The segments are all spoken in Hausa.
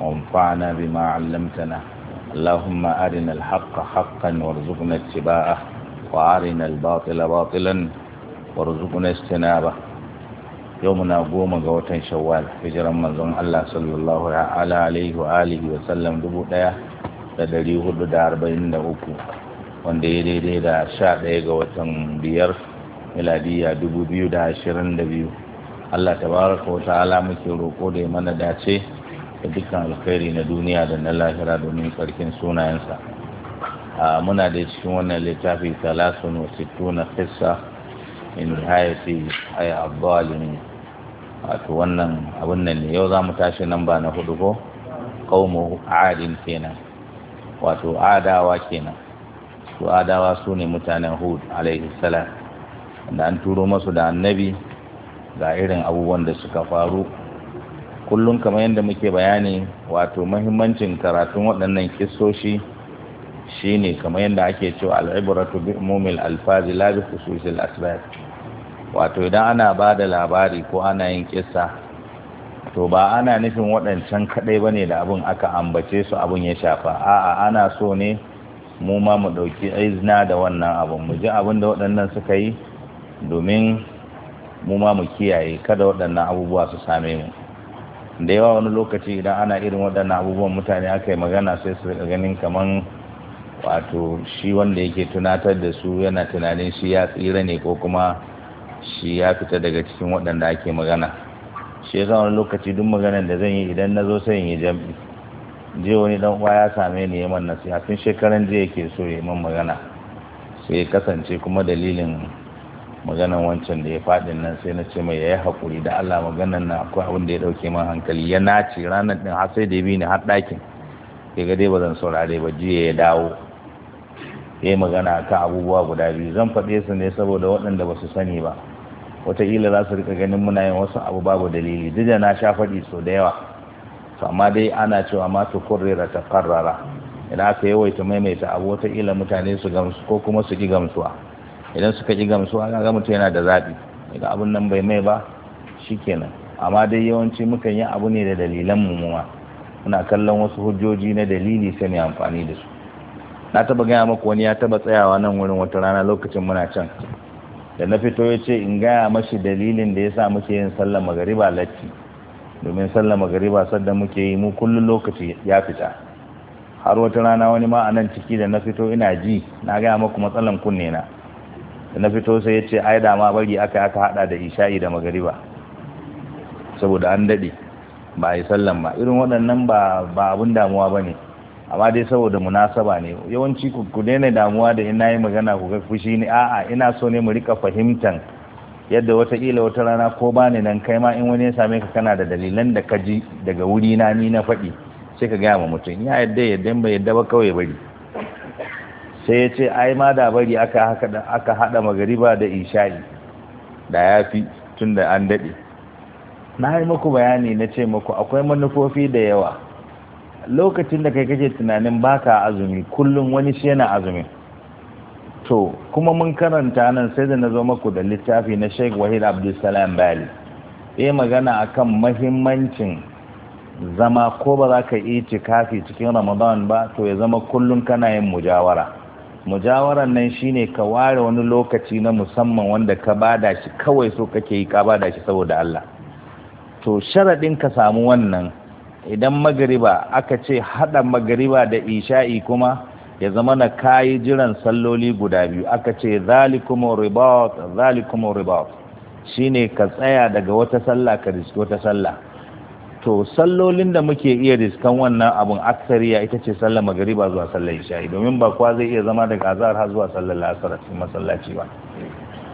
وانفعنا بما علمتنا اللهم أرنا الحق حقا وارزقنا اتباعه وأرنا الباطل باطلا وارزقنا اجتنابه يومنا قوم قوتا شوال هجرا من الله صلى الله عليه وآله وسلم دبوتا da dari hudu da arba'in da uku wanda ya daidai da sha ɗaya ga watan biyar miladiya dubu biyu da ashirin da biyu allah tabaraka wa ta'ala muke roƙo da ya mana dace da dukkan alkhairi na duniya da na lahira domin sarkin sunayensa a muna da cikin wannan littafi talatin wa na qissa in hayati ay abdalin wato wannan abun nan ne yau za mu tashi nan ba na hudu ko qaumu adin kenan wato adawa kenan su adawa su ne mutanen hud alaihi salam da an turo masu da annabi ga irin abubuwan da suka faru kullum kamar yadda muke bayani wato mahimmancin karatun waɗannan shi shine kamar yadda ake cewa al'ibratu bi umumil alfazi la bi khususil asbab wato idan ana ba da labari ko ana yin kissa to ba ana nufin waɗancan kaɗai ba ne da abin aka ambace su abin ya shafa a'a ana so ne mu ma mu ɗauki aizna da wannan abin mu ji abin da waɗannan suka yi domin mu ma mu kiyaye kada waɗannan abubuwa su same mu da yawa wani lokaci idan ana irin waɗannan abubuwan mutane aka yi magana sai su ganin kaman wato shi wanda yake tunatar da su yana tunanin shi ya tsira ne ko kuma shi ya fita daga cikin waɗanda ake magana shi ya wani lokaci duk maganar da zan yi idan na zo sai in yi jam'i je wani dan uwa ya same ni yaman nasiha tun shekaran jiya yake so ya man magana sai kasance kuma dalilin maganan wancan da ya faɗin nan sai na ce mai ya yi haƙuri da Allah maganan nan akwai abin da ya ɗauke man hankali ya nace ranar ɗin har sai da ya bi ni har ɗakin ya ga dai ba zan saurare ba jiya ya dawo ya yi magana ka abubuwa guda biyu zan faɗe su ne saboda waɗanda ba su sani ba wataƙila za su rika ganin muna yin wasu abu babu dalili duk da na sha faɗi sau da yawa to amma dai ana cewa ma ta kurrera ta karrara idan aka yawaita maimaita abu wataƙila mutane su gamsu ko kuma su ƙi gamsuwa idan suka ji gamsuwa ga mutum yana da zaɓi daga abin nan bai mai ba shi shikenan amma dai yawanci mukan yi abu ne da dalilan mu ma muna kallon wasu hujjoji na dalili sai mai amfani da su na taba gaya maku wani ya taba tsayawa nan wurin wata rana lokacin muna can da na fito ya ce in gaya mashi dalilin da ya sa muke yin sallar magariba latti domin sallar magariba sadda muke yi mu kullum lokaci ya fita har wata rana wani ma a nan ciki da na fito ina ji na gaya maku matsalan kunne na na fito sai ya ce ai da ma bari aka aka hada da isha'i da magariba saboda an dade ba a yi sallan ba irin waɗannan ba ba abun damuwa ba ne amma dai saboda munasaba ne yawanci ku daina damuwa da ina yi magana ku ga fushi ne a'a ina so ne mu rika fahimtan yadda wataƙila wata rana ko ba ni nan kai ma in wani ya same ka kana da dalilan da ka ji daga wuri na ni na faɗi sai ka gaya ma mutum ya yadda yadda ba yadda ba kawai bari sai ya ce ai ma da bari aka haɗa hada magariba da isha'i da ya tun tunda an daɗe. na yi muku bayani na ce muku akwai manufofi da yawa lokacin da kai kake tunanin baka azumi kullum wani shi yana azumi to kuma mun karanta nan sai da na zo maku da littafi na Sheikh Wahid Abdulsalam Bali ya magana akan mahimmancin zama ko ba za ka yi tikafi cikin Ramadan ba to ya zama kullum kana yin mujawara mujawaran nan shine ka ware wani lokaci na musamman wanda ka bada shi kawai so kake yi ka bada shi saboda Allah to sharadin ka samu wannan idan magariba aka ce hada magariba da isha'i kuma ya zama na kayi jiran salloli guda biyu aka ce zalikum ribat zalikum ribat shine ka tsaya daga wata sallah ka riski wata sallah to sallolin da muke iya riskan wannan abun aksariya ita ce sallar magariba zuwa sallar isha'i domin ba kwa zai iya zama daga azhar har zuwa sallar lasar cikin masallaci ba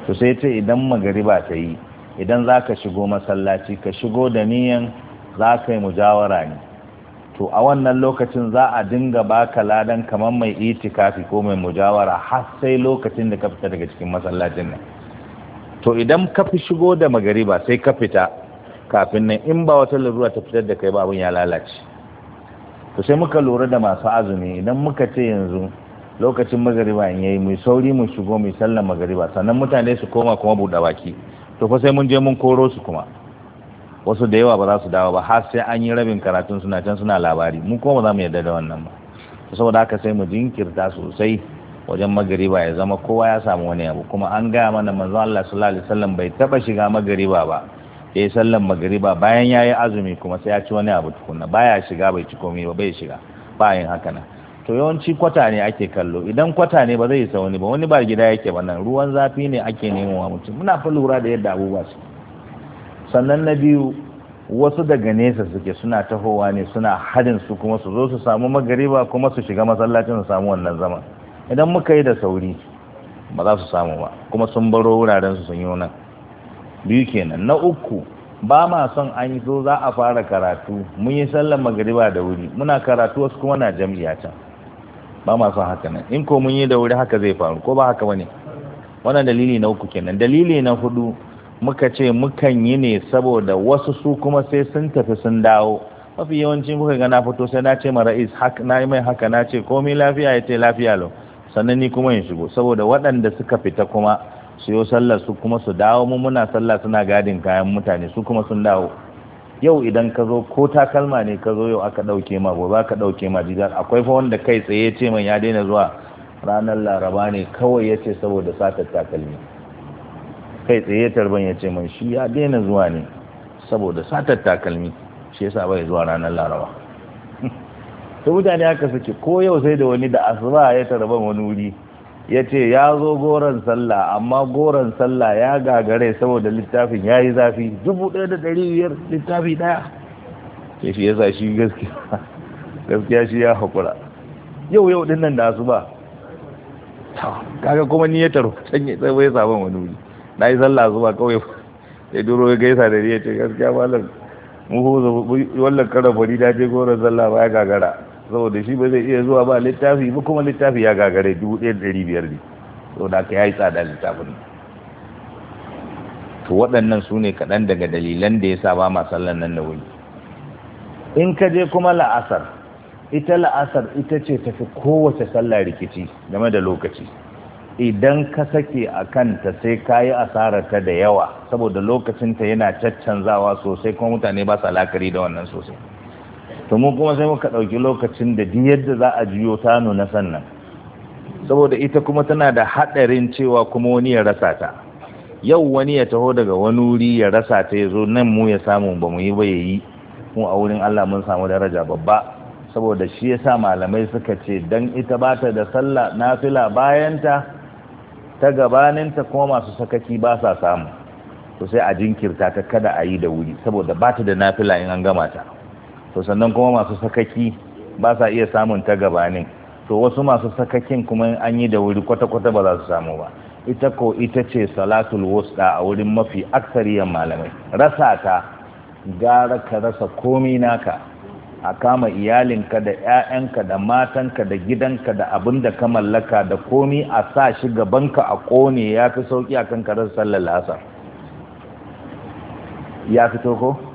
to sai ce idan magariba ta yi idan za ka shigo masallaci ka shigo da niyan za ka yi mujawara ne to a wannan lokacin za a dinga baka ladan kamar mai itikafi ko mai mujawara har sai lokacin da ka fita daga cikin masallacin nan to idan ka fi shigo da magariba sai ka fita kafin nan in ba wata larura ta fitar da kai ba abin ya lalace to sai muka lura da masu azumi idan muka ce yanzu lokacin magariba in yayi mu sauri mu shigo mu sallar magariba sannan mutane su koma kuma buɗe baki to fa sai mun je mun koro su kuma wasu da yawa ba za su dawo ba har sai an yi rabin karatun suna can suna labari mu kuma ba za mu yarda da wannan ba saboda haka sai mu jinkirta sosai wajen magariba ya zama kowa ya samu wani abu kuma an gaya mana manzo Allah sallallahu alaihi wasallam bai taba shiga magariba ba ya yi sallan magariba bayan ya yi azumi kuma sai ya ci wani abu tukunna baya shiga bai ci komai ba bai shiga bayan yin haka nan to yawanci kwata ne ake kallo idan kwata ne ba zai isa wani ba wani ba gida yake ba nan ruwan zafi ne ake nemowa mutum muna fa lura da yadda abubuwa su sannan na biyu wasu daga nesa suke suna tahowa ne suna hadin su kuma su zo su samu magariba kuma su shiga masallacin su samu wannan zaman idan muka yi da sauri ba za su samu ba kuma sun baro wuraren su sun yi nan biyu kenan na uku ba ma son an yi so za a fara karatu mun yi sallar magariba da wuri muna karatu wasu kuma na jam'iyya can ba ma son haka nan in ko mun yi da wuri haka zai faru ko ba haka bane wannan dalili na uku kenan dalili na hudu muka ce mukan yi ne saboda wasu su kuma sai sun tafi sun dawo mafi yawanci kuka ga na fito sai na ce ma ra'is na yi mai haka na ce komai lafiya ya ce lafiya lau sannan ni kuma in shigo saboda waɗanda suka fita kuma Siyo sallar su kuma su dawo mu muna sallah suna gadin kayan mutane su kuma sun dawo yau idan ka zo ko takalma ne ka zo yau aka ɗauke ma gobe aka ɗauke ma jigar akwai fa wanda kai tsaye ya ce man ya daina zuwa ranar laraba ne kawai ya ce saboda satar takalmi kai tsaye tarban ya ce man shi ya daina zuwa ne saboda satar takalmi shi yasa bai zuwa ranar laraba to mutane aka suke ko yau sai da wani da asuba ya tarban wani wuri ya ce ya zo goron sallah amma goron sallah ya gagare saboda littafin ya yi zafi dubu ɗaya da ɗari biyar littafi ɗaya ya shi ya sa shi gaskiya shi ya haƙura yau yau ɗin nan da su ba kaga kuma ni ya taro can ya tsaye ya sabon wani wuri na yi sallah zuwa kawai ya duro ya gaisa da ni ya ce gaskiya malam mu hozo wallan karan farida ce goron sallah ba ya gagara saboda shi ba zai iya zuwa ba littafi ba kuma littafi ya gagare dubu ɗaya da ɗari biyar ne saboda haka yi tsada littafin to waɗannan su ne kaɗan daga dalilan da ya sa ba ma sallan nan da wuri in ka je kuma la'asar ita la'asar ita ce tafi kowace sallah rikici game da lokaci idan ka sake a kanta sai ka yi asararta da yawa saboda lokacinta yana caccanzawa sosai kuma mutane ba sa lakari da wannan sosai to mu kuma sai muka ɗauki lokacin da duk yadda za a jiyo ta nuna sannan saboda ita kuma tana da haɗarin cewa kuma wani ya rasa ta yau wani ya taho daga wani wuri ya rasa ta ya zo nan mu ya samu ba mu yi ba ya yi mu a wurin Allah mun samu daraja babba saboda shi yasa malamai suka ce dan ita ba ta da sallah nafila bayan ta ta gabaninta kuma masu sakaki ba sa samu to sai a jinkirta ta kada a yi da wuri saboda ba ta da nafila in an gama ta to sannan kuma masu sakaki ba sa iya samun ta gabanin to wasu masu sakakin kuma an yi da wuri kwata-kwata ba za su samu ba ita ko ita ce salatul wusta a wurin mafi aksariyan malamai rasa ta gara ka rasa komi naka a kama iyalinka da 'ya'yanka da matanka da gidanka da abin da ka mallaka da komi a sa shi gabanka a kone ya fi sauƙi a kan karar sallar lasar ya fito ko?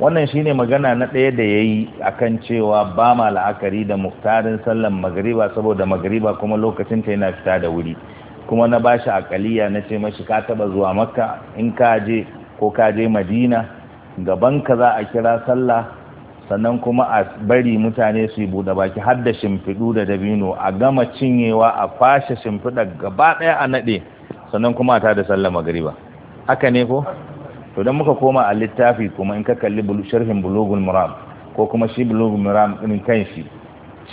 wannan shine magana na ɗaya da ya yi kan cewa ba ma la'akari da muktarin sallan magariba saboda magariba kuma lokacin ta yana fita da wuri kuma na bashi akaliya na ce mashi ka taba zuwa makka in ka je ko ka je madina gaban ka za a kira sallah sannan kuma a bari mutane su yi buɗe baki har da shimfiɗu da dabino a gama cinyewa a fashe shimfiɗa gaba ɗaya a naɗe sannan kuma a tada sallah magariba haka ne ko to dan muka koma a littafi kuma in ka kalli sharhin bulugul muram ko kuma shi bulugul muram kan shi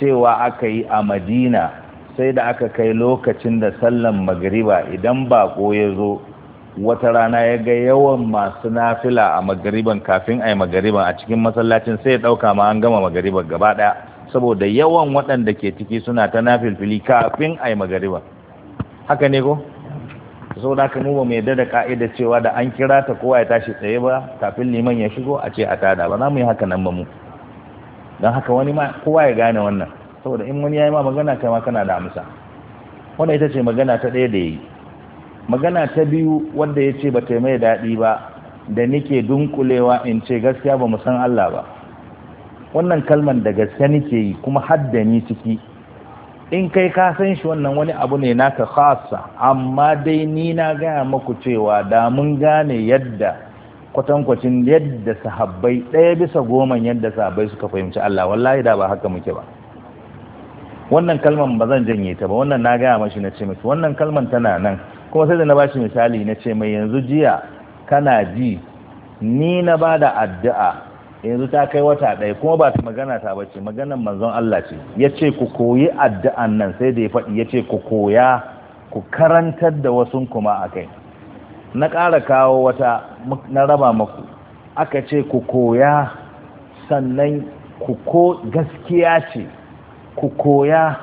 cewa aka yi a madina sai da aka kai lokacin da sallan magariba idan bako ya zo wata rana ya ga yawan masu nafila a magariban kafin a yi magariban a cikin masallacin sai ya ɗauka ma an gama magariban gaba ɗaya saboda yawan waɗanda ke ciki suna ta nafilfili kafin a yi magariban haka ne ko sau da mu ba mu yadda da ka'ida cewa da an kira ta kowa ya tashi tsaye ba kafin liman ya shigo a ce a tada ba za mu yi haka nan ba mu don haka wani ma kowa ya gane wannan saboda in wani ya yi ma magana kai ma kana da amsa wanda ita ce magana ta ɗaya da ya yi magana ta biyu wanda ya ce ba ta mai daɗi ba da nike dunkulewa in ce gaskiya ba mu san Allah ba wannan kalman da gaske nike yi kuma haddani ciki in kai ka san shi wannan wani abu ne naka khasa amma dai ni na gaya maku cewa da mun gane yadda kwatankwacin yadda sahabbai ɗaya bisa goman yadda sahabbai suka fahimci Allah wallahi da ba haka muke ba wannan kalman ba zan janye ta ba wannan na gaya mashi na ce miki wannan kalman tana nan kuma sai da na bashi misali na ce mai yanzu jiya kana ji ni na bada addu'a yanzu ta kai wata ɗaya kuma ba ta magana ta ba ce maganan manzon Allah ce ya ce ku koyi addu'an nan sai da ya faɗi ya ce ku koya ku karantar da wasu kuma a kai na ƙara kawo wata na raba maku aka ce ku koya sannan ku ko gaskiya ce ku koya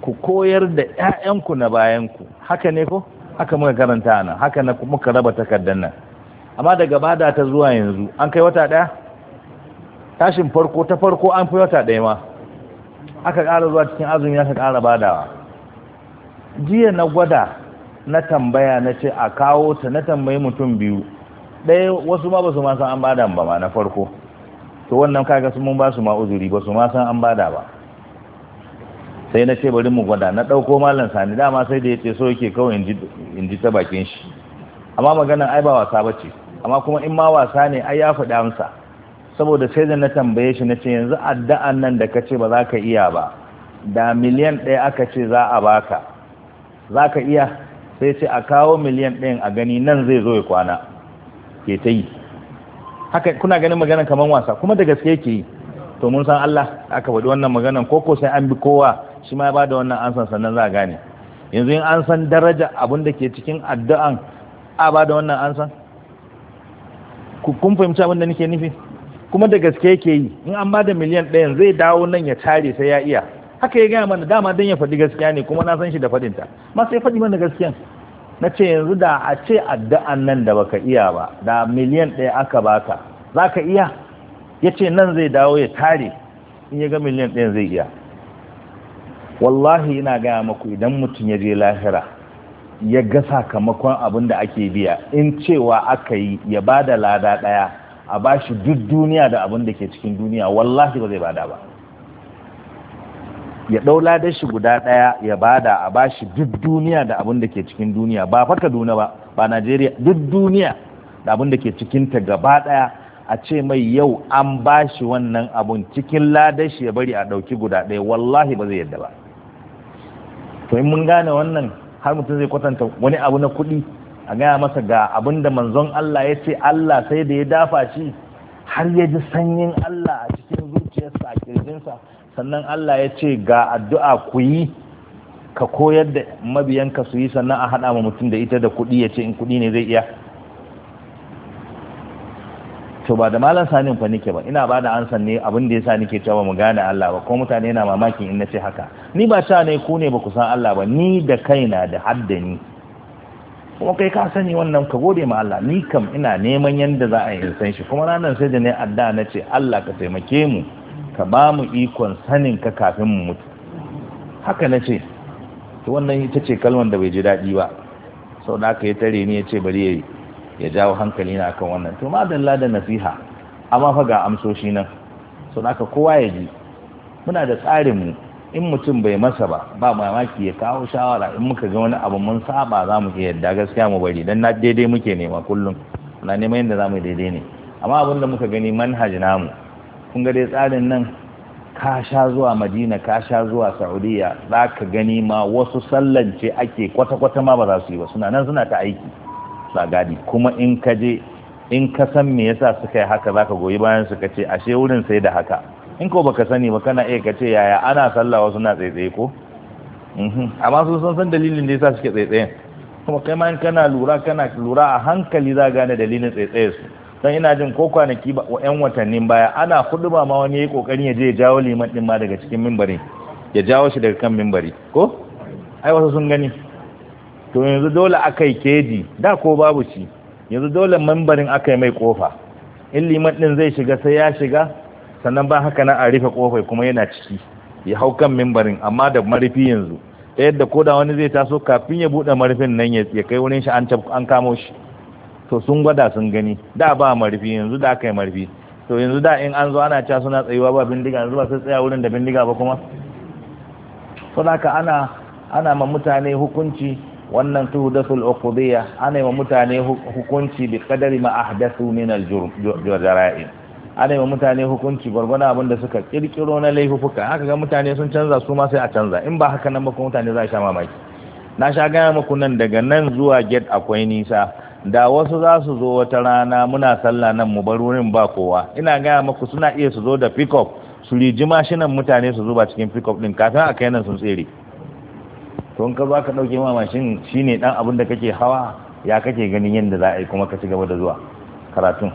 ku koyar da 'ya'yanku na bayanku haka ne ko haka muka karanta nan haka muka raba takardar nan amma daga bada ta zuwa yanzu an kai wata ɗaya tashin farko ta farko an fi wata ɗaya ma aka ƙara zuwa cikin azumi aka ƙara badawa jiya na gwada na tambaya na ce a kawo ta na tambayi mutum biyu ɗaya wasu ma ba su san an bada ba ma na farko to wannan kaga sun mun ba su ma uzuri ba su ma san an bada ba sai na ce bari mu gwada na ɗauko malam sani dama sai da ya ce so yake kawai in ji ta bakin shi amma maganar ai ba wasa ba ce amma kuma in ma wasa ne ai ya faɗi amsa saboda sai da na tambaye shi na ce yanzu addu'an nan da ka ce ba za ka iya ba da miliyan ɗaya aka ce za a baka za ka iya sai ce a kawo miliyan ɗayan a gani nan zai zo ya kwana ke ta yi haka kuna ganin maganan kamar wasa kuma da gaske ke yi to mun san Allah aka bada wannan maganan ko sai an bi kowa shi ma ya bada wannan ansa sannan za a gane yanzu in an san daraja abin da ke cikin addu'an a bada wannan wannan ansan kun fahimci abin da nake nufi kuma da gaske yake yi in an ba da miliyan ɗayan zai dawo nan ya tare sai ya iya haka ya gaya mana dama don ya faɗi gaskiya ne kuma na san shi da faɗinta ma ya faɗi mana gaskiyan na ce yanzu da a ce addu'an nan da baka iya ba da miliyan ɗaya aka baka za ka iya ya ce nan zai dawo ya tare in ya ga miliyan ɗayan zai iya wallahi ina gaya maku idan mutum ya je lahira ya ga sakamakon abin da ake biya in cewa aka yi ya ba da lada ɗaya a bashi duk duniya da abin da ke cikin duniya wallahi ba zai bada ba ya ɗau ladar shi guda ɗaya ya bada a bashi duk duniya da abin da ke cikin duniya ba fa Kaduna ba ba Najeriya duk duniya da abin da ke cikin ta gaba ɗaya a ce mai yau an bashi wannan abun cikin ladar shi ya bari a ɗauki guda ɗaya wallahi ba zai yadda ba to in mun gane wannan har mutum zai kwatanta wani abu na kuɗi a gaya masa ga abin da manzon Allah ya ce Allah sai da ya dafa shi har ya ji sanyin Allah a cikin zuciyarsa a kirjinsa sannan Allah ya ce ga addu'a ku yi ka koyar da mabiyanka su yi sannan a haɗa ma mutum da ita da kuɗi ya ce in kuɗi ne zai iya to ba da malam sanin fa nike ba ina bada ansan ne abin da yasa nike cewa mu gane Allah ba ko mutane na mamakin in na ce haka ni ba sha ne ku ne ba ku san Allah ba ni da kaina da haddani kuma kai ka sani wannan ka gode ma Allah ni kam ina neman yanda za a yi san shi kuma ranar sai da ne adda na ce Allah ka taimake mu ka ba mu ikon sanin ka kafin mu mutu haka na ce to wannan ita ce kalmar da bai ji daɗi ba sau da aka yi tare ni ya ce bari ya jawo hankali na akan wannan to ma dalla da nasiha amma fa ga amsoshi nan sau da aka kowa ya ji muna da tsarinmu in mutum bai masa ba ba mamaki ya kawo shawara in muka ga wani abu mun saba za mu iya yadda gaskiya mu bari dan na daidai muke nema kullum na neman yadda za mu daidai ne amma abin da muka gani manhaj namu kun ga dai tsarin nan ka sha zuwa madina ka sha zuwa saudiya za ka gani ma wasu sallance ake kwata-kwata ma ba za su yi ba suna nan suna ta aiki ba gadi kuma in ka je in ka san me yasa suka yi haka za ka goyi bayan su ka ce ashe wurin sai da haka in ko baka sani ba kana iya kace yaya ana sallah wasu na tsaitsaye ko mhm. amma sun san dalilin da yasa suke tsaitsaye kuma kai ma in kana lura kana lura a hankali za gane dalilin tsaitsaye su dan ina jin ko kwanaki ba yan watannin baya ana huduma ma wani yayi kokarin ya je ya jawo liman din ma daga cikin mimbari ya jawo shi daga kan mimbari ko ai wasu sun gani to yanzu dole akai keji da ko babu shi yanzu dole mimbarin akai mai kofa in liman din zai shiga sai ya shiga sannan ba haka na a rufe kofai kuma yana ciki ya hau kan mimbarin amma da marifi yanzu ta yadda ko da wani zai taso kafin ya buɗe marifin nan ya kai wurin shi an kamo shi to sun gwada sun gani da ba marifi yanzu da aka yi marifi to yanzu da in an zo ana ca suna tsayuwa ba bindiga yanzu ba sai tsaya wurin da bindiga ba kuma saboda ana ana ma mutane hukunci wannan tuhdathul uqudiyya ana ma mutane hukunci bi qadari ma ahdathu min al-jura'im ana yi mutane hukunci gwargwana abin da suka kirkiro na laifuka haka ga mutane sun canza su ma sai a canza in ba haka nan ba mutane za a sha mamaki na sha gaya maku nan daga nan zuwa get akwai nisa da wasu za su zo wata rana muna sallah nan mu bar wurin ba kowa ina gaya maku suna iya su zo da pickup su riji mashinan mutane su zuba cikin pickup ɗin din kafin a kai nan sun tsere to in ka zo ka dauke ma mashin shine dan abin da kake hawa ya kake ganin yadda za a yi kuma ka ci gaba da zuwa karatun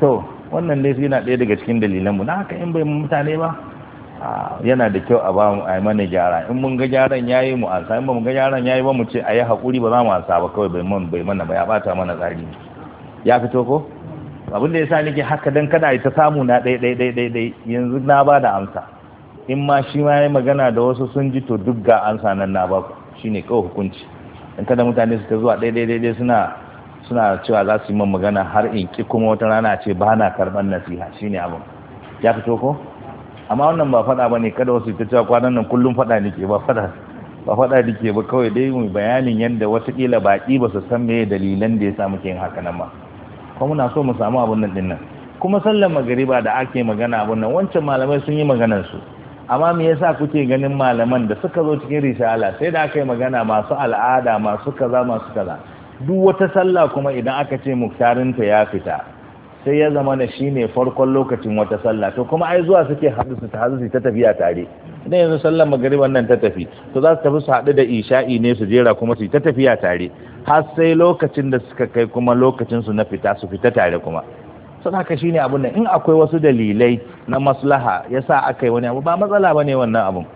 so wannan dai suna ɗaya daga cikin dalilanmu na haka in bai mutane ba yana da kyau a ba mu a mana gyara in mun ga gyaran yayi mu ansa in ba ga gyaran yayi ba mu ce a yi hakuri ba za mu ansa ba kawai bai mana bai mana ba ya bata mana tsari ya fito ko abin da ya sa nake haka dan kada ta samu na dai dai dai dai dai yanzu na ba da amsa in ma shi ma yayi magana da wasu sun ji to duk ga amsa nan na ba ku shine kawai hukunci dan kada mutane su ta zuwa dai dai dai suna suna cewa za su yi man magana har in ki kuma wata rana ce ba na karɓar nasiha shine abin ya fito ko amma wannan ba faɗa ba ne kada wasu ta cewa kwanan nan kullum faɗa ke ba faɗa ba faɗa ba kawai dai mu bayanin yadda watakila baƙi ba su san me dalilan da ya sa muke yin haka nan ba kuma muna so mu samu abin nan dinnan kuma sallar magariba da ake magana abin nan wancan malamai sun yi maganar su amma me yasa kuke ganin malaman da suka zo cikin risala sai da aka yi magana masu al'ada masu kaza masu kaza duk wata sallah kuma idan aka ce muktarinta ya fita sai ya zama na shi ne farkon lokacin wata sallah to kuma ai zuwa suke su hadu su ta tafiya tare idan yanzu sallar magariban nan ta tafi to za su tafi su haɗu da isha'i ne su jera kuma su ta tafiya tare har sai lokacin da suka kai kuma lokacin su na fita su fita tare kuma sun haka shine abun nan in akwai wasu dalilai na maslaha yasa aka yi wani abu ba matsala bane wannan abun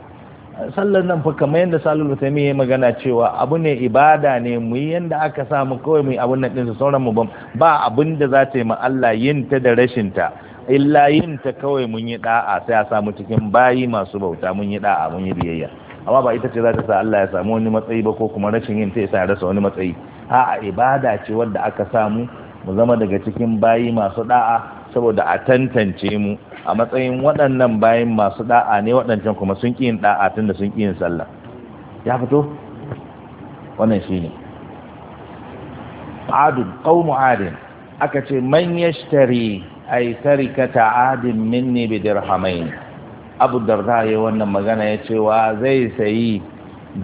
sallar nan fa kamar yadda salul utami ya magana cewa abu ne ibada ne mu yi yadda aka samu kawai mu yi abun nan ɗinsa sauran mu ba abin da za ta yi ma Allah yin ta da rashin ta illa yin ta kawai mun yi da'a sai a samu cikin bayi masu bauta mun yi da'a mun yi biyayya amma ba ita ce za ta sa Allah ya samu wani matsayi ba ko kuma rashin yin ta ya sa ya rasa wani matsayi a'a ibada ce wadda aka samu mu zama daga cikin bayi masu da'a saboda a tantance mu a matsayin waɗannan bayan masu da'a ne waɗancan kuma sun ƙi yin da'a tun da sun ƙi yin sallah ya fito wannan shi ne. adun ƙaunu adin aka ce man yashtari ay tarikata adin minni bi dirhamain abu darda ya wannan magana ya ce zai sayi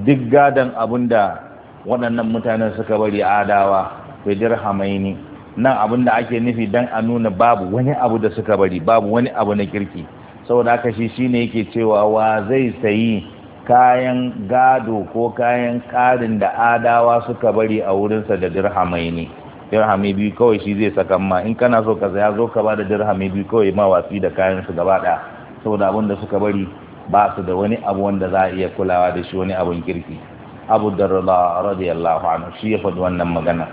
duk gadon da waɗannan mutanen suka bari adawa bi dirhamaini nan abin da ake nufi dan a nuna babu wani abu da suka bari babu wani abu na kirki saboda haka shi shine yake cewa wa zai sayi kayan gado ko kayan karin da adawa suka bari a wurinsa da dirhamai ne dirhami biyu kawai shi zai saka ma in kana so ka saya zo ka ba da dirhami biyu kawai ma watsi da kayan su gaba daya saboda abin da suka bari ba su da wani abu wanda za a iya kulawa da shi wani abun kirki abu darrala radiyallahu anhu shi ya faɗi wannan magana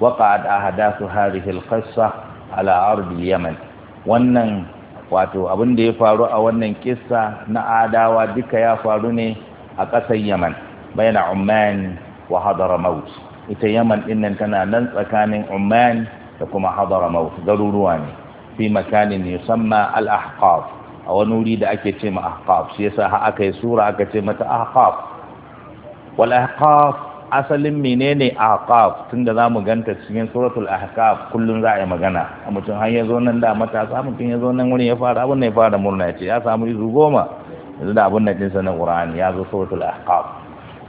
وقعت أحداث هذه القصة على أرض اليمن wannan wato abin da ya faru a wannan kissa na adawa duka ya faru ne a ƙasar yaman bayna umman wa hadramaut ita yaman din nan tana nan tsakanin umman da kuma hadramaut garuruwa ne fi makanin yusamma al-ahqaf a wani wuri da ake ce ma ahqaf shi yasa aka yi sura aka ce mata ahqaf wal ahqaf asalin menene aqaf tunda zamu ganta cikin suratul ahqaf kullun za a magana a mutum har yazo nan da matasa mutum ya nan wurin ya fara abin ya fara murna ya ya samu izu goma yanzu da abin nan din na qur'ani ya zo suratul ahqaf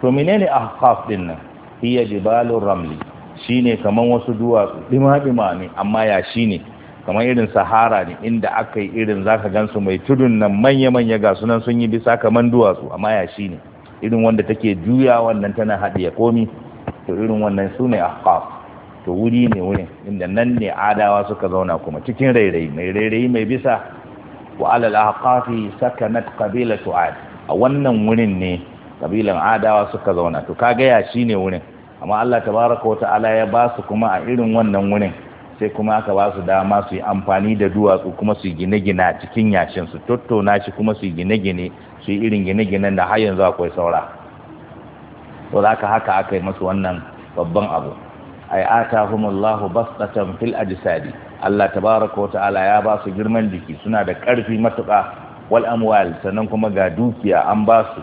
to menene ahqaf din nan hiya jibalur ramli shine kaman wasu duwatsu dima-dima ne amma ya shine kamar irin sahara ne inda aka yi irin zaka gansu mai tudun nan manya-manya ga sunan sun yi bisa kaman duwatsu amma ya shine irin wanda take juya wannan tana ya komi to irin wannan su ne ahqaf to wuri ne wurin inda nan ne adawa suka zauna kuma cikin rairayi mai rairayi mai bisa wa alal ahqafi sakanat qabilatu ad a wannan wurin ne kabilan adawa suka zauna to kaga ya shine wurin amma Allah tabaraka wa ta'ala ya ba su kuma a irin wannan wurin sai kuma aka ba su dama su yi amfani da duwatsu kuma su gine-gine cikin yashin su tattona shi kuma su gine-gine su yi irin gine-ginen da har yanzu akwai saura to za ka haka aka yi masu wannan babban abu ai atahumullahu basatan fil ajsadi Allah tabaraka wa ta'ala ya ba su girman jiki suna da ƙarfi matuka. wal amwal sannan kuma ga dukiya an ba su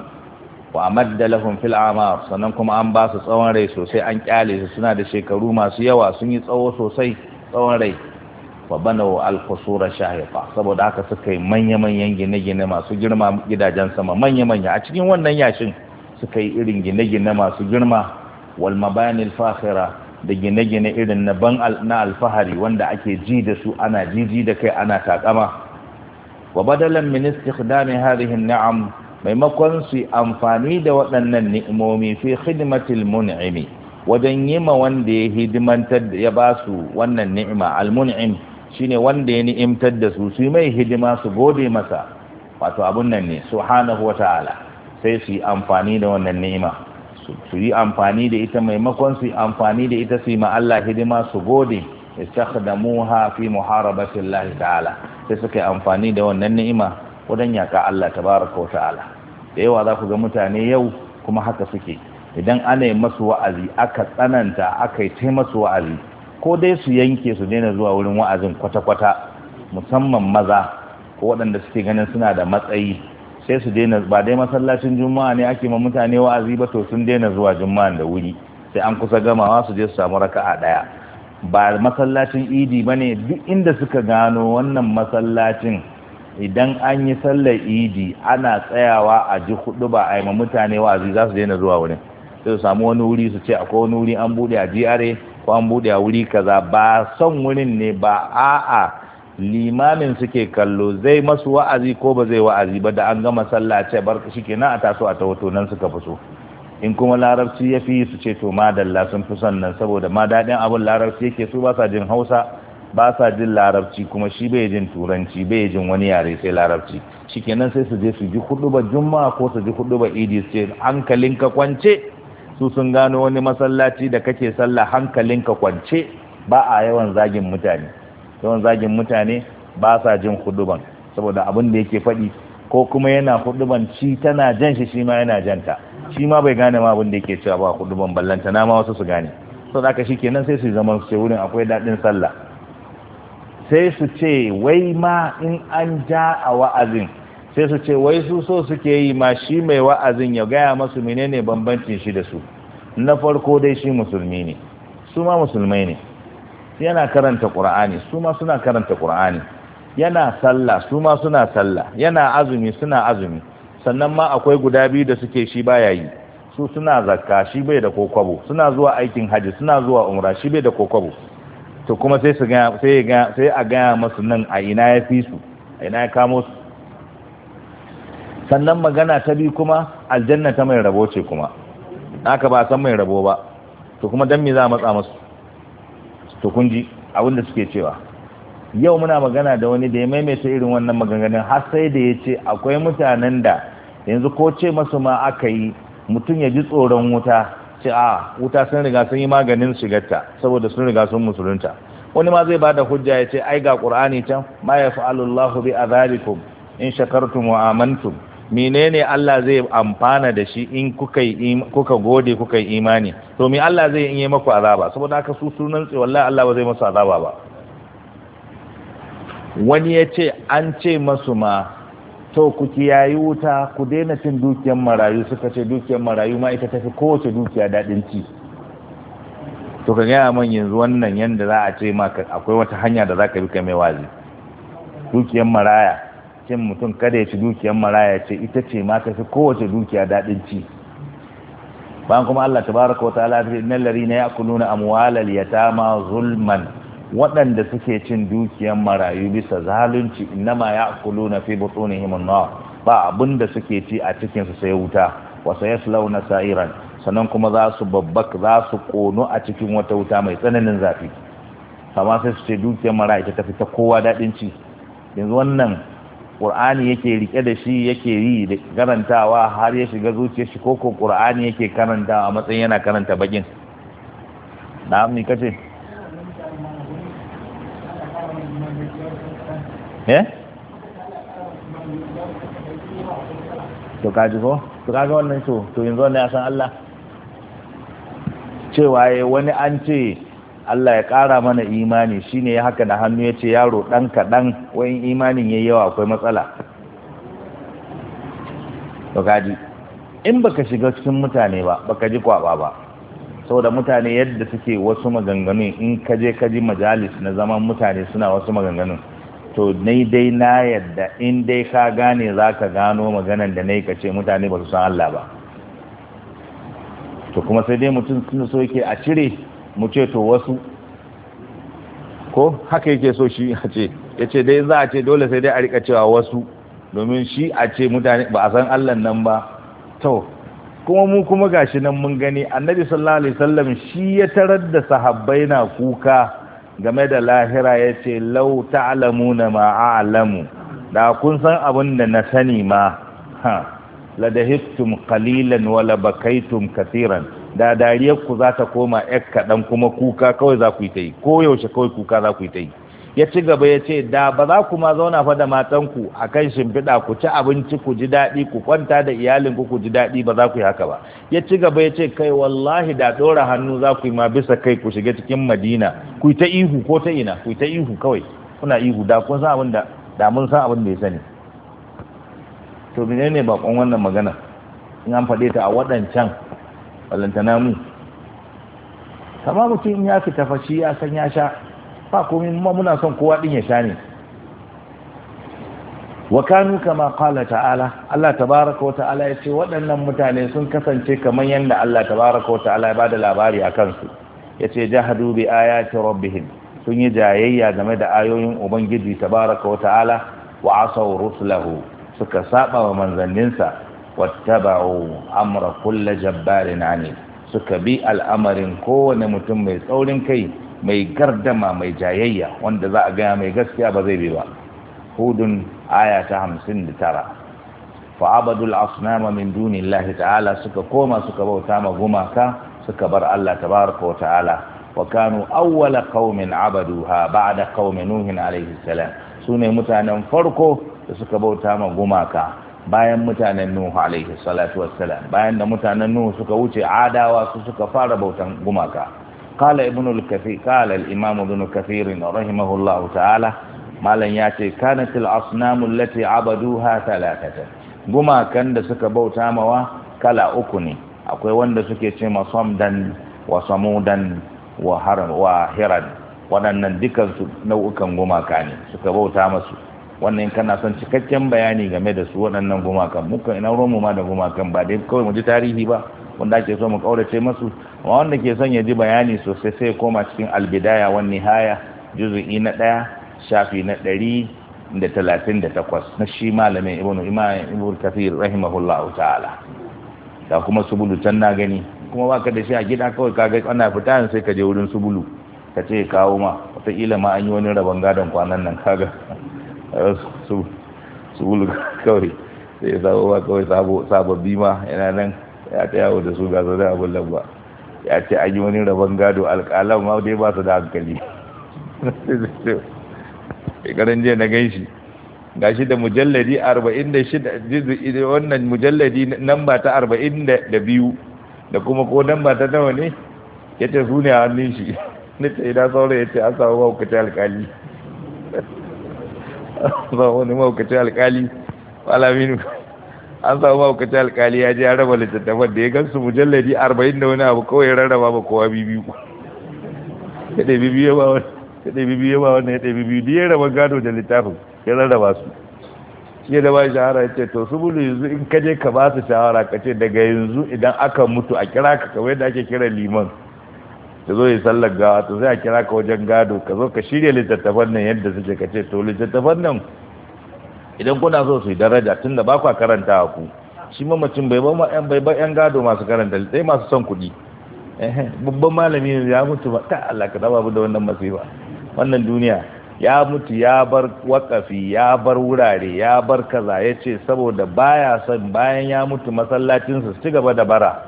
wa amadda lahum fil amar sannan kuma an ba su tsawon rai sosai an kyale su suna da shekaru masu yawa sun yi tsawo sosai tsawon rai wa banau alkusura shahiqa saboda haka suka yi manya-manyan gine-gine masu girma gidajen sama manya-manya a cikin wannan yashin suka yi irin gine-gine masu girma wal mabanil fakhira da gine-gine irin na ban na alfahari wanda ake ji da su ana jiji da kai ana takama wa badalan min istikhdami hadhihi ni'am maimakon su amfani da waɗannan ni'imomi fi khidmatil mun'imi wajen yi ma wanda ya hidimantar da ya ba su wannan ni'ima almun'im shine wanda ya ni'imtar da su su mai hidima su gode masa wato abun nan ne subhanahu wata'ala sai su yi amfani da wannan ni'ima su yi amfani da ita maimakon su yi amfani da ita su yi ma Allah hidima su gode istakhdamuha fi muharabati Allah ta'ala sai suka yi amfani da wannan ni'ima wajen yaka Allah tabaraka wa ta'ala da yawa za ku ga mutane yau kuma haka suke idan ana yi masu wa'azi aka tsananta aka yi tai masu wa'azi ko dai su yanke su daina zuwa wurin wa'azin kwata-kwata musamman maza ko waɗanda suke ganin suna da matsayi sai su daina ba dai masallacin juma'a ne ake ma mutane wa'azi ba to sun daina zuwa juma'a da wuri sai an kusa gamawa su je su samu raka'a ɗaya ba masallacin idi ba ne duk inda suka gano wannan masallacin idan an yi sallar idi ana tsayawa a ji hudu ba a yi ma mutane wa'azi za su daina zuwa wurin sai su samu wani wuri su ce akwai wani wuri an buɗe a GRA ko an buɗe a wuri kaza ba son wurin ne ba a'a limamin suke kallo zai masu wa'azi ko ba zai wa'azi ba da an gama sallah ce bar shikenan a taso a tawato nan suka fi so in kuma larabci ya fi su ce to madalla sun fi son nan saboda ma daɗin abin larabci yake su ba sa jin hausa ba sa jin larabci kuma shi bai jin turanci bai jin wani yare sai larabci shi shikenan sai su je su ji hudu ba juma'a ko su ji hudu ba idi sai hankalin ka kwance su sun gano wani masallaci da kake sallah hankalinka kwance ba a yawan zagin mutane yawan zagin mutane ba sa jin huduban saboda abin da yake faɗi ko kuma yana huduban ci tana jan shi shi ma yana janta shi ma bai gane ma abin da yake cewa ba huduban ballanta na ma wasu su gane so da shi kenan sai su zama su ce wurin akwai daɗin sallah sai su ce wai ma in an ja a wa'azin sai su ce wai su so suke yi ma shi mai wa'azin ya gaya masu menene bambancin shi da su na farko dai shi musulmi ne su ma musulmai ne yana karanta qur'ani su ma suna karanta qur'ani yana sallah su ma suna sallah yana azumi suna azumi sannan ma akwai guda biyu da suke shi baya yi su suna zakka shi bai da kokwabo suna zuwa aikin hajji suna zuwa umra shi bai da kokwabo to kuma sai su sai a gaya masu nan a ina ya fi su a ina ya kamo su sannan magana ta bi kuma aljanna ta mai rabo ce kuma aka ba san mai rabo ba to kuma dan me za a matsa musu to kun ji abin da suke cewa yau muna magana da wani da ya maimaita irin wannan maganganun har sai da ya ce akwai mutanen da yanzu ko ce masu ma aka yi mutum ya ji tsoron wuta ce a ah, wuta sun riga sun yi maganin shigarta saboda sun riga sun musulunta wani ma zai bada hujja ya ce ai ga qur'ani can ma yaf'alullahu bi azabikum in shakartum wa amantum menene Allah zai amfana da shi in kuka kuka gode kuka yi imani to me Allah zai yi maku azaba saboda haka su sunan tsaye wallahi Allah ba zai masu azaba ba wani ya ce an ce masu ma to ku kiyayi wuta ku daina cin dukiyar marayu suka ce dukiyar marayu ma ita tafi kowace dukiya daɗin ci to ka gaya man yanzu wannan yanda za a ce maka akwai wata hanya da za ka bi ka mai wazi dukiyar maraya ce mutum kada ya ci dukiyar maraya ce ita ce ma ta fi kowace dukiya daɗin ci bayan kuma Allah ta tabaraka wa ta'ala ta innal ladina ya'kuluna ta ma zulman waɗanda suke cin dukiyar marayu bisa zalunci innama ya'kuluna fi butunihim an-nar ba da suke ci a cikin su sai wuta wa sayaslawna sa'iran sannan kuma za su babbak za su kono a cikin wata wuta mai tsananin zafi amma sai su ce dukiyar mara ta tafi ta kowa daɗin ci yanzu wannan ƙur'ani yake rike da shi yake yi da karantawa har ya shiga zuciyar shi koko ƙur'ani yake karantawa matsayin yana karanta bakin Na amni kace eh to kaji ko to kaga wannan to to yanzu ne ya san Allah cewa eh, wani an ce Allah ya ƙara mana imani shine ya haka da hannu ya ce yaro ɗan kaɗan wani imanin ya yi yawa akwai matsala bakaji in baka shiga cikin mutane ba baka ji kwaba ba saboda mutane yadda suke wasu maganganun in ka je majalis na zaman mutane suna wasu maganganu to nai dai na yadda in dai ka gane za ka gano maganan da nai ka ce mutane ba su san Allah ba to kuma sai dai mutum sun so yake a cire mu ce to wasu ko haka yake so shi a ce ya ce dai za a ce dole sai dai a rika cewa wasu domin shi a ce mutane ba a san Allah nan ba to kuma mu kuma gashi nan mun gani annabi sallallahu alaihi wasallam shi ya tarar da sahabbai na kuka game da lahira ya ce lau ta'lamuna ma a'lamu da kun san abin da na sani ma ha la dahibtum qalilan wa la bakaitum kathiran da dariyar ku za ta koma yar kaɗan kuma kuka kawai za ku yi ta yi ko yaushe kawai kuka za ku yi ta yi ya ci gaba ya ce da ba za ku ma zauna fa da matanku a kan shimfiɗa ku ci abinci ku ji daɗi ku kwanta da iyalinku ku ji daɗi ba za ku yi haka ba ya ci gaba ya ce kai wallahi da ɗora hannu za ku yi ma bisa kai ku shiga cikin madina ku yi ta ihu ko ta ina ku yi ta ihu kawai kuna ihu da kun san abin da da mun san abin da ya sani to menene bakon wannan magana in an faɗe ta a waɗancan wallanta namu kama mutum ya fita fashi ya san ya sha ba komai muna son kowa din ya sha ne wa kanu kama qala ta'ala Allah tabaaraka wa ta'ala yace waɗannan mutane sun kasance kamar yadda Allah tabaaraka wa ta'ala ya bada labari akan su yace jahadu bi ayati rabbihim sun yi jayayya game da ayoyin ubangiji tabaaraka wa ta'ala wa asaw rusulahu suka saba wa manzanninsa wattaba'u amra kulli jabbarin ne suka bi al'amarin kowane mutum mai tsaurin kai mai gardama mai jayayya wanda za a gaya mai gaskiya ba zai bi ba hudun aya ta hamsin da tara fa'abadul asnama min dunillahi ta'ala suka koma suka bauta ma gumaka suka bar Allah tabaraka wa ta'ala wa kanu awwala qaumin abaduha ba'da qaumi nuhin alayhi salam sune mutanen farko da suka bauta ma gumaka bayan mutanen nuhu alaihi salatu wassalam bayan da mutanen nuhu suka wuce adawa su suka fara bautan gumaka qala ibnu al-kafi qala al-imam ibnu kathir rahimahullahu ta'ala malan yace kanat al-asnam allati abaduha thalathatan gumakan da suka bauta mawa kala uku ne akwai wanda suke ce masamdan wa samudan wa wa hiran waɗannan dukansu nau'ukan gumaka ne suka bauta masu wannan kana son cikakken bayani game da su waɗannan gumakan muka ina ruwan ma da gumakan ba dai kawai mu ji tarihi ba wanda ake so mu kaurace masu amma wanda ke son ya ji bayani sosai sai koma cikin albidaya wani haya juzu'i na ɗaya shafi na ɗari da talatin da takwas na shi malamin ibnu imam ibnu kafir rahimahullah ta'ala da kuma subulu can na gani kuma baka da shi a gida kawai kaga ana fita sai ka je wurin subulu ka ce kawo ma wataƙila ma an yi wani rabon gadon kwanan nan kaga su bulu kawai sai ya sabo ba kawai sababbi ma yana nan ya ta yawo da su ga zaune abin lamba ya ce an yi wani rabon gado alƙalan ma dai ba su da hankali Karan jiya na gan shi ga shi da mujalladi arba'in da shida wannan mujalladi namba ta arba'in da biyu da kuma ko namba ta nawa ne ya ce su ne a hannun shi na ce idan saura ya ce an samu ta alƙali ba wani mahaukacin alkali alaminu an samu mahaukacin alkali ya je ya raba littattafan da ya gansu mujalladi arba'in da wani abu kawai rarraba ba kowa bibiyu ya ɗabi biyu ba wani ya ɗabi biyu ba wani ya ɗabi biyu da ya raba gado da littafin ya rarraba su shi da ba shahara ya ce to su bulu yanzu in ka je ka ba su shahara ka ce daga yanzu idan aka mutu a kira ka kawai da ake kira liman Ka zo ya sallar gawa ta zai a kira ka wajen gado ka zo ka shirya littattafan nan yadda suke ka ce to littattafan nan idan kuna so su yi daraja tun da ba kwa karanta ku shi mamacin bai ba yan gado masu karanta sai masu son kuɗi babban malami ya mutu ba ta Allah ka raba da wannan masifa wannan duniya ya mutu ya bar wakafi ya bar wurare ya bar kaza ya ce saboda baya son bayan ya mutu masallacinsa su ci gaba da bara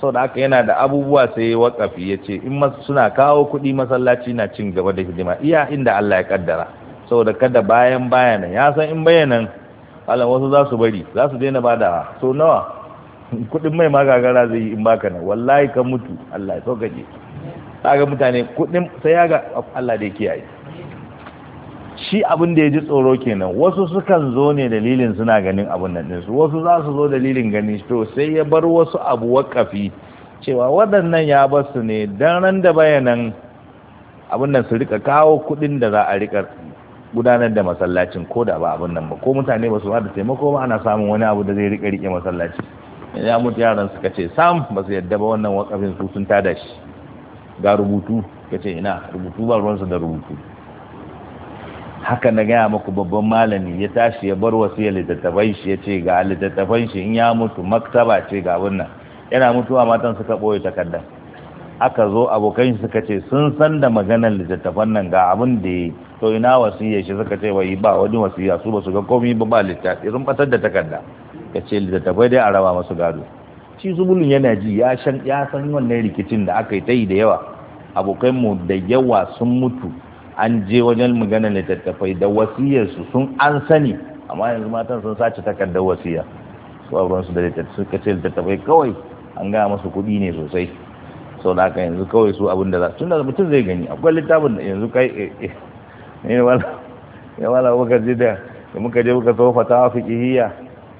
sau haka yana da abubuwa sai ya wakafi ya ce in suna kawo kuɗi masallaci na cin gaba da hidima iya inda Allah ya kaddara saboda kada bayan bayanan ya san in bayanan Allah wasu za su bari za su daina bada so nawa kuɗin mai ma gagara zai yi in baka nan wallahi ka mutu Allah ya sauƙaƙe kaga mutane kuɗin sai ya ga Allah da ya kiyaye shi abin da ya ji tsoro kenan wasu sukan zo ne dalilin suna ganin abin nan ɗinsu wasu za su zo dalilin ganin shi to sai ya bar wasu abu waƙafi cewa waɗannan ya bar su ne don ran da bayanan abin nan su rika kawo kuɗin da za a rika gudanar da masallacin ko da ba abin nan ba ko mutane ba su ba da taimako ba ana samun wani abu da zai rika rike masallaci ya mutu yaran suka ce sam ba su yadda ba wannan wakafin su sun tada shi ga rubutu ka ce ina rubutu ba ruwansu da rubutu haka na gaya muku babban malami ya tashi ya bar wasu ya littattafai shi ya ce ga littattafai shi in ya mutu maktaba ce ga abin nan yana mutuwa matan suka ɓoye takardar aka zo abokan shi suka ce sun san da maganar littattafan nan ga abin da ya to ina wasiya shi suka ce wai ba wani wasiya su ba su ga komai ba ba littafi sun fatar da takarda ya ce littattafai dai a rawa masu gado shi zubulun yana ji ya san wannan rikicin da aka yi ta yi da yawa Abokanmu da yawa sun mutu an je wajen magana littattafai da wasiyarsu sun an sani amma yanzu matan sun sace takardar wasiya su abuwansu da littattafai suka ce littattafai kawai an gaya masu kuɗi ne sosai sau da haka yanzu kawai su abin da za tun da mutum zai gani akwai littafin da yanzu kai eh, eh, ne wala ya wala muka je da muka je muka tsofa ta fiƙihiyya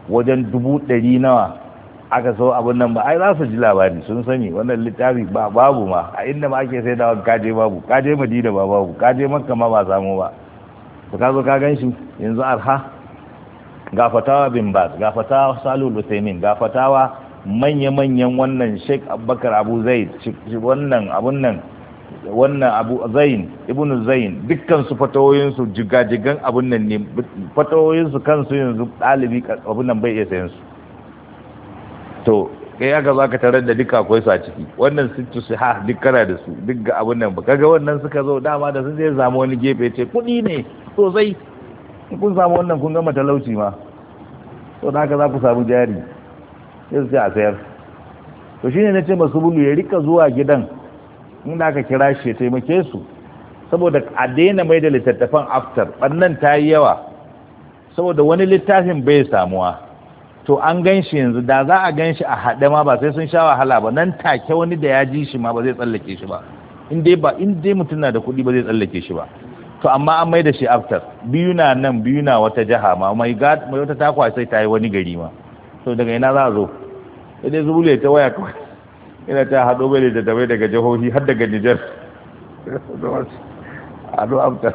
wajen dubu ɗari nawa aka so abun nan ba ai za su ji labari sun sani wannan littafi ba babu ma a inda ma ake sai ka kaje babu kaje madina ba babu kaje makka ma ba samu ba to ka zo ka gan shi yanzu arha ga fatawa bin ba ga fatawa salul usaimin ga fatawa manya-manyan wannan sheik abubakar abu zaid wannan abun nan wannan abu zain ibnu zain dukkan su su jigajigan abun nan ne fatawoyinsu kansu yanzu dalibi abun nan bai iya sayan su to ya ga za ka tarar da duka akwai su a ciki wannan sittu su ha duk kana da su duk ga abin nan ba kaga wannan suka zo dama da sun zai samu wani gefe ce kuɗi ne sosai kun samu wannan kun gama talauci ma to da haka za ku samu jari sai su a sayar to shine na ce masu bulu ya rika zuwa gidan inda aka kira shi ya taimake su saboda a daina mai da littattafan aftar ɓannan ta yi yawa saboda wani littafin bai samuwa to an gan shi yanzu da za a gan shi a haɗe ma ba sai sun sha wahala ba nan take wani da ya ji shi ma ba zai tsallake shi ba in dai ba in dai mutum na da kuɗi ba zai tsallake shi ba to amma an mai da shi aftar biyu na nan biyu na wata jiha ma mai gad mai wata takwa sai ta yi wani gari ma to daga ina za a zo sai dai zubule ta waya kawai ina ta haɗo bai da tabai daga jihohi har daga Nijar a do aftar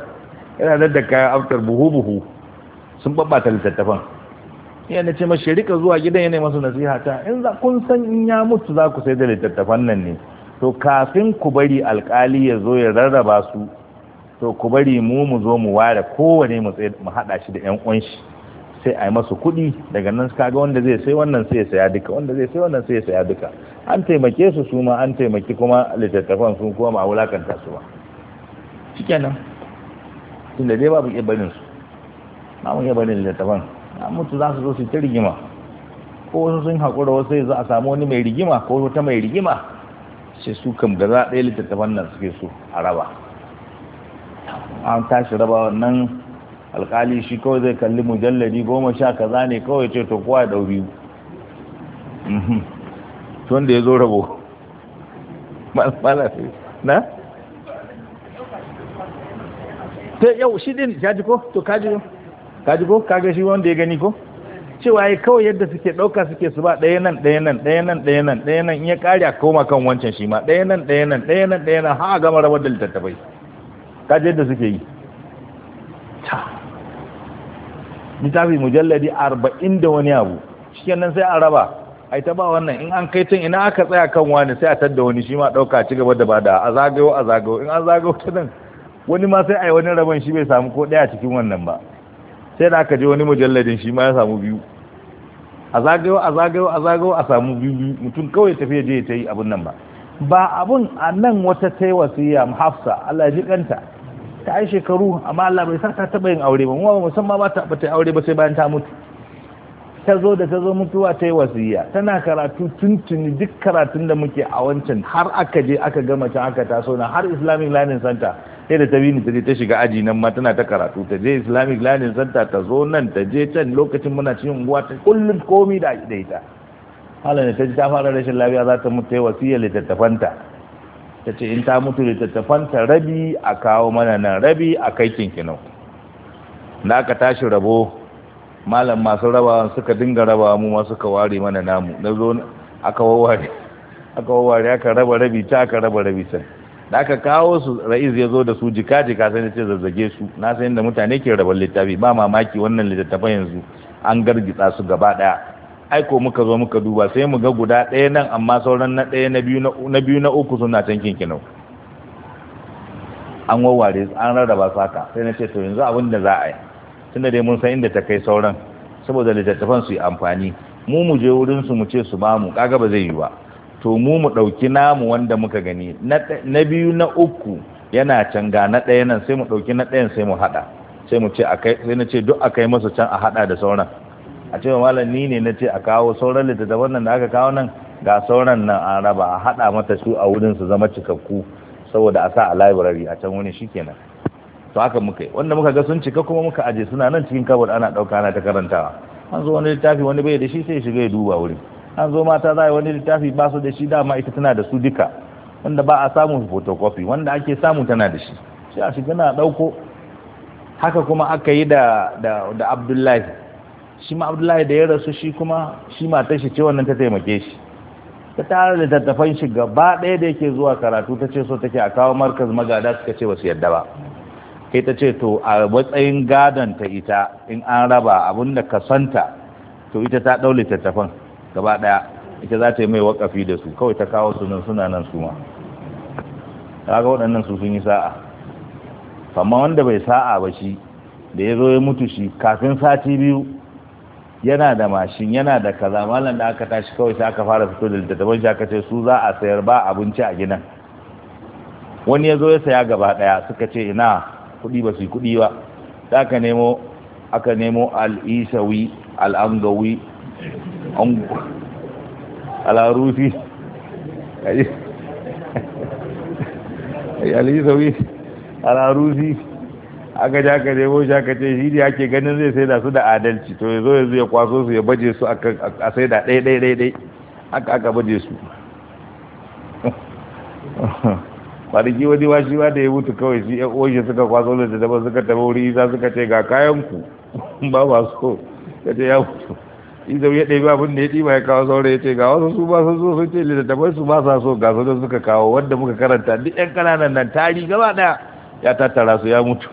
ina nan da kayan aftar buhu buhu sun babbata littattafan yana ce mashi rika zuwa gidan yana masu nasiha ta in za kun san in ya mutu za ku sai da littattafan nan ne to kafin ku bari alkali ya zo ya rarraba su to ku bari mu mu zo mu ware kowane mu mu hada shi da yan uwan shi sai a yi masu kuɗi daga nan kaga wanda zai sai wannan sai ya saya duka wanda zai sai wannan sai ya saya duka an taimake su su ma an taimaki kuma littattafan sun kuma ba wulakanta su ba shikenan tunda dai babu iya barin su ba mu iya barin littattafan ya mutu za su zo su ta rigima ko wasu sun haƙura wasu za a samu wani mai rigima ko wata mai rigima sai su kam gaza ɗaya littattafan nan suke so a raba an tashi raba wannan alkali shi kawai zai kalli mujalladi goma sha kaza ne kawai ce to kowa da biyu tun mhm. da ya zo rabo na? ta yau shi din ya ko to kaji yau kaji ko kaga shi wanda ya gani ko cewa ya kawai yadda suke ɗauka suke su ba daya nan daya nan daya nan daya nan daya nan in ya kare a koma kan wancan shi ma daya nan daya nan daya nan daya nan ha gama rabar da littattafai kaji yadda suke yi ta littafi mujalladi arba'in da wani abu shi nan sai a raba ai ta ba wannan in an kai can ina aka tsaya kan wani sai a tadda wani shi ma ɗauka ci gaba da bada a zagayo a zagayo in an zagayo ta nan wani ma sai a yi wani rabon shi bai samu ko ɗaya cikin wannan ba sai da aka je wani mujalladin shi ma ya samu biyu a zagayo a zagayo a zagayo a samu biyu mutum kawai tafiya je ta yi abin nan ba ba abun a nan wata ta yi wasiya hafsa Allah ji kanta ta yi shekaru amma Allah bai sa ta taɓa yin aure ba mu musamman ba ta yi aure ba sai bayan ta mutu ta zo da ta zo mutuwa ta yi wasiya tana karatu tuntuni duk karatun da muke a wancan har aka je aka gama can aka taso na har islamic learning center sai da ta bi ta je ta shiga aji nan ma tana ta karatu ta je islamic learning center ta zo nan ta je can lokacin muna cikin unguwa ta kullum komi da da ita halin ta ji ta fara rashin lafiya za ta mutu ta yi wasiya littattafanta ta ce in ta mutu ta rabi a kawo mana nan rabi a kai kinkinau da aka tashi rabo malam masu raba suka dinga raba mu ma suka ware mana namu na zo aka wawari aka wawari aka raba rabi ta aka raba rabi sai da aka kawo su ra'is ya zo da su jika jika sai ce zazzage su na san inda mutane ke rabar littafi ba mamaki wannan littattafan yanzu an gargitsa su gaba daya ko muka zo muka duba sai mu ga guda ɗaya nan amma sauran na ɗaya na biyu na biyu na uku suna can kinkinau an wawware an rarraba saka sai na ce to yanzu abin da za a yi tunda dai mun san inda ta kai sauran saboda littattafan su yi amfani mu mu je wurin su mu ce su ba mu kaga ba zai yi ba to mu mu ɗauki namu wanda muka gani na biyu na uku yana can ga na ɗaya nan sai mu ɗauki na ɗayan sai mu hada sai mu ce sai na ce duk kai masa can a hada da sauran a ce malam ni ne na ce a kawo sauran littattafan nan da aka kawo nan ga sauran nan an raba a hada mata su a wurin su zama cikakku saboda a sa a library a can wani shikenan to haka muka yi wanda muka ga sun cika kuma muka aje suna nan cikin kabur ana ɗauka ana ta karantawa an zo wani littafi wani bai da shi sai shiga ya duba wuri an zo mata za a yi wani littafi ba su da shi dama ita tana da su duka wanda ba a samun photocopy wanda ake samu tana da shi sai a shiga na ɗauko haka kuma aka yi da da abdullahi shi ma abdullahi da ya rasu shi kuma shi matar shi ce wannan ta taimake shi ta tare da tattafan shi gaba ɗaya da yake zuwa karatu ta ce so take a kawo markaz magada suka ce ba su yadda ba sai ta ce to a matsayin gadon ta ita in an raba abin da ka santa to ita ta ɗaule tattafan gaba ɗaya ita za ta yi mai wakafi da su kawai ta kawo sunan suna nan su ma kaga waɗannan su sun yi sa'a amma wanda bai sa'a ba shi da ya zo ya mutu shi kafin sati biyu yana da mashin yana da kaza malam da aka tashi kawai sai aka fara fito da littattafan shi aka ce su za a sayar ba abinci a gidan wani ya zo ya saya gaba ɗaya suka ce ina kuɗi ba su yi kuɗi ba da aka nemo aka nemo al'isawi al'angawi al'arufi al'isawi al'arusi aka ja ka nemo shi aka ce shi ne ake ganin zai sai da su da adalci to yanzu yanzu ya kwaso su ya baje su a sai da ɗai ɗai ɗai aka aka baje su kwanaki wani washi shi da ya mutu kawai shi ya uwan shi suka kwaso da daban suka tafi wuri isa suka ce ga kayan ku ba ba so ya ce ya mutu idan ya ɗaya abin da ya ɗiba ya kawo sauran ya ce ga wasu su ba sun so sun ce littattafai su ba sa so ga su suka kawo wanda muka karanta duk yan kananan nan tari gaba ɗaya ya tattara su ya mutu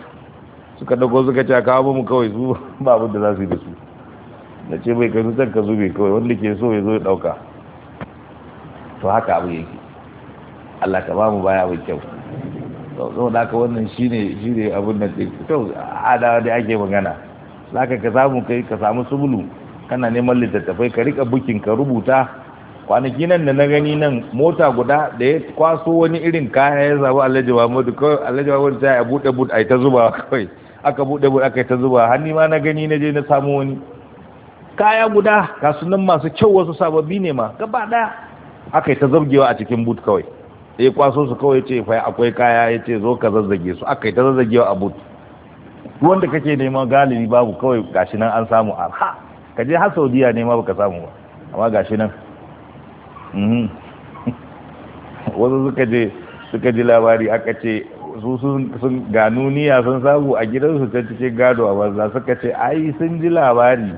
suka ɗauko suka ce kawo mu kawai su ba abin da za su yi da su na ce bai kai su can ka zube kawai wanda ke so ya zo ya ɗauka to haka abu yake Allah ka ba mu baya mai kyau sau da haka wannan shi ne shi ne abin da ke kyau adawa da ake magana zaka ka samu kai ka samu subulu kana neman littattafai ka rika bukin ka rubuta kwanaki nan da na gani nan mota guda da ya kwaso wani irin kaya ya zabi alhaji Muhammadu kawai alhaji Muhammadu ta ya buɗe buɗe ai ta zuba kawai aka buɗe buɗe aka ta zuba hannu ma na gani na je na samu wani kaya guda nan masu kyau wasu sababbi ne ma gaba ɗaya aka yi ta zabgewa a cikin but kawai ya kwaso su kawai ce fa akwai kaya ya ce zo ka zazzage su aka yi ta zazzage wa abu wanda kake nema galibi babu kawai gashi nan an samu ha ka je har saudiya nema baka samu ba amma gashi nan mhm. wasu suka je suka ji labari aka ce su sun gano nuniya sun samu a gidansu ta cikin gado a banza suka ce ai sun ji labari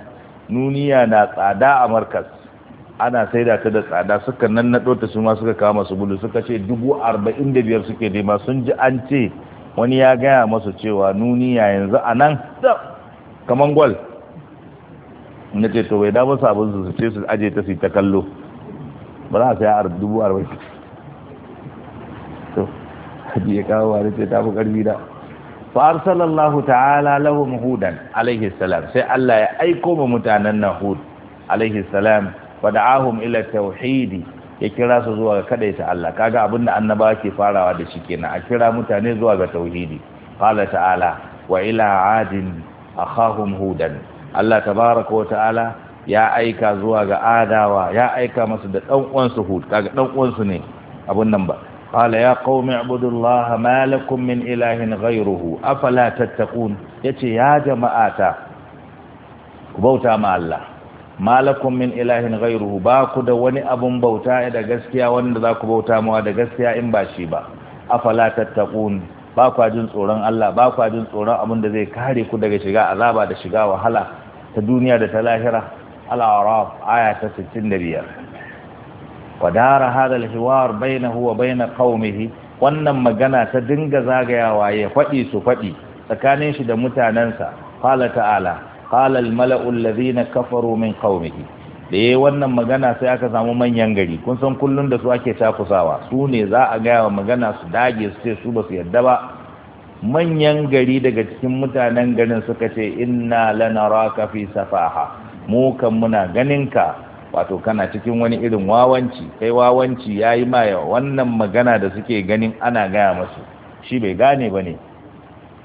nuniya na tsada a markas ana saida ta da tsada suka nan na ta su ma suka kama su gudu suka ce dubu arba'in da biyar suke nema sun ji an ce wani ya gaya masu cewa nuni ya yanzu a nan kaman gwal na ce to bai da masu abin su ce su aje ta su ta kallo ba za a saya a dubu arba'in to haji ya kawo wa rike ta fi karfi da fa arsalallahu ta'ala lahum hudan alaihi salam sai Allah ya aiko ma mutanen nan hud alaihi salam wa ila tauhidi ya kira su zuwa ga kadaita Allah kaga abin da annaba ke farawa da shi kenan a kira mutane zuwa ga tauhidi qala ta'ala wa ila adin akhahum hudan Allah tabaraka wa ta'ala ya aika zuwa ga adawa ya aika masu da dan uwansu hud kaga dan uwansu ne abun nan ba qala ya qaumi ibudullaha ma lakum min ilahin ghayruhu afala tattaqun yace ya jama'ata ku bauta ma Allah malakum min ilahin ghairuhu ba ku da wani abun bauta da gaskiya wanda za ku bauta mawa da gaskiya in ba shi ba afala tattaqun ba ku jin tsoron Allah ba ku jin tsoron abin da zai kare ku daga shiga azaba da shiga wahala ta duniya da ta lahira al-a'raf aya ta 65 wadara hadha al-hiwar bainahu wa bain qaumihi wannan magana ta dinga zagayawa ya faɗi su faɗi tsakanin shi da mutanensa qala ta'ala qala al mala'u alladhina kafaru min qaumihi da wannan magana sai aka samu manyan gari kun san kullun da su ake takusawa su ne za a gaya wa magana su dage su ce su ba su yadda ba manyan gari daga cikin mutanen garin suka ce inna lanaraka fi safaha mu kan muna ganinka wato kana cikin wani irin wawanci kai wawanci yayi ma wannan magana da suke ganin ana gaya masu shi bai gane bane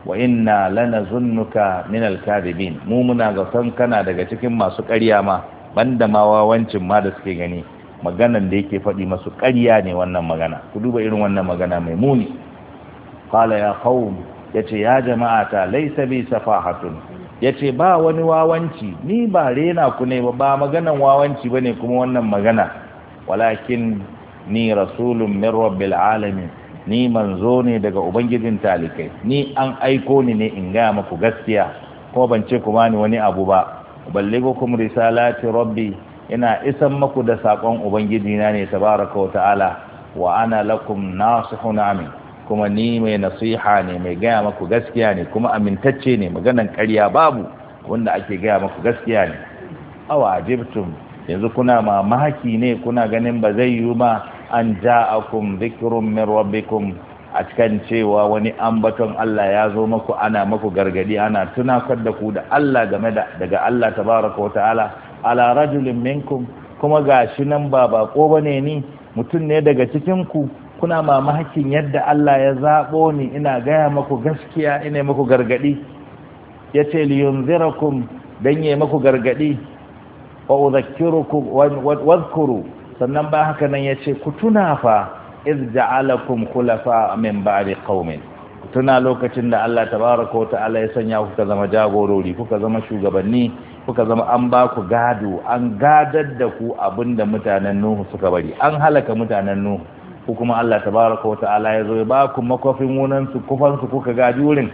wa inna zunnuka min alkadibin mu muna ga san kana daga cikin masu ƙarya ma banda ma wawancin ma da suke gani maganan da yake faɗi masu ƙarya ne wannan magana ku duba irin wannan magana mai muni qala ya qaum yace ya jama'ata laysa bi safahatun yace ba wani wawanci ni ba rena ku ne ba maganan wawanci bane kuma wannan magana walakin ni rasulun min rabbil alamin ni manzo ne daga ubangijin talikai ni an aiko ni ne in gaya muku gaskiya Ko ban ce ku bani wani abu ba kum risalati rabbi ina isan maku da sakon ubangiji na ne tabaraka wa ta'ala wa ana lakum nasihun amin kuma ni mai nasiha ne mai gaya maku gaskiya ne kuma amintacce ne maganan ƙarya babu wanda ake gaya maku gaskiya ne awa yanzu kuna mamaki ne kuna ganin ba zai yiwu ba an ja'akum dhikrun min rabbikum a cikin cewa wani ambaton Allah ya zo maku ana maku gargadi ana tunakar da ku da Allah game da daga Allah tabaraka wata'ala ala rajulin minkum kuma gashi nan ba bako bane ni mutum ne daga cikin ku kuna mamakin yadda Allah ya zabo ni ina gaya maku gaskiya ina maku gargadi yace li yunzirakum dan yayi maku gargadi wa udhakkirukum wa wadhkuru sannan ba haka nan ya ce ku tuna fa iz ja'alakum khulafa min ba'di qaumin tuna lokacin da Allah tabaaraka wa ta'ala ya sanya ku ka zama jagorori kuka zama shugabanni kuka zama an ba ku gado an gadar da ku abinda mutanen Nuhu suka bari an halaka mutanen Nuhu ku kuma Allah tabaaraka wa ta'ala ya zo ya ba ku makofin wunan su kufan su kuka gaji wurin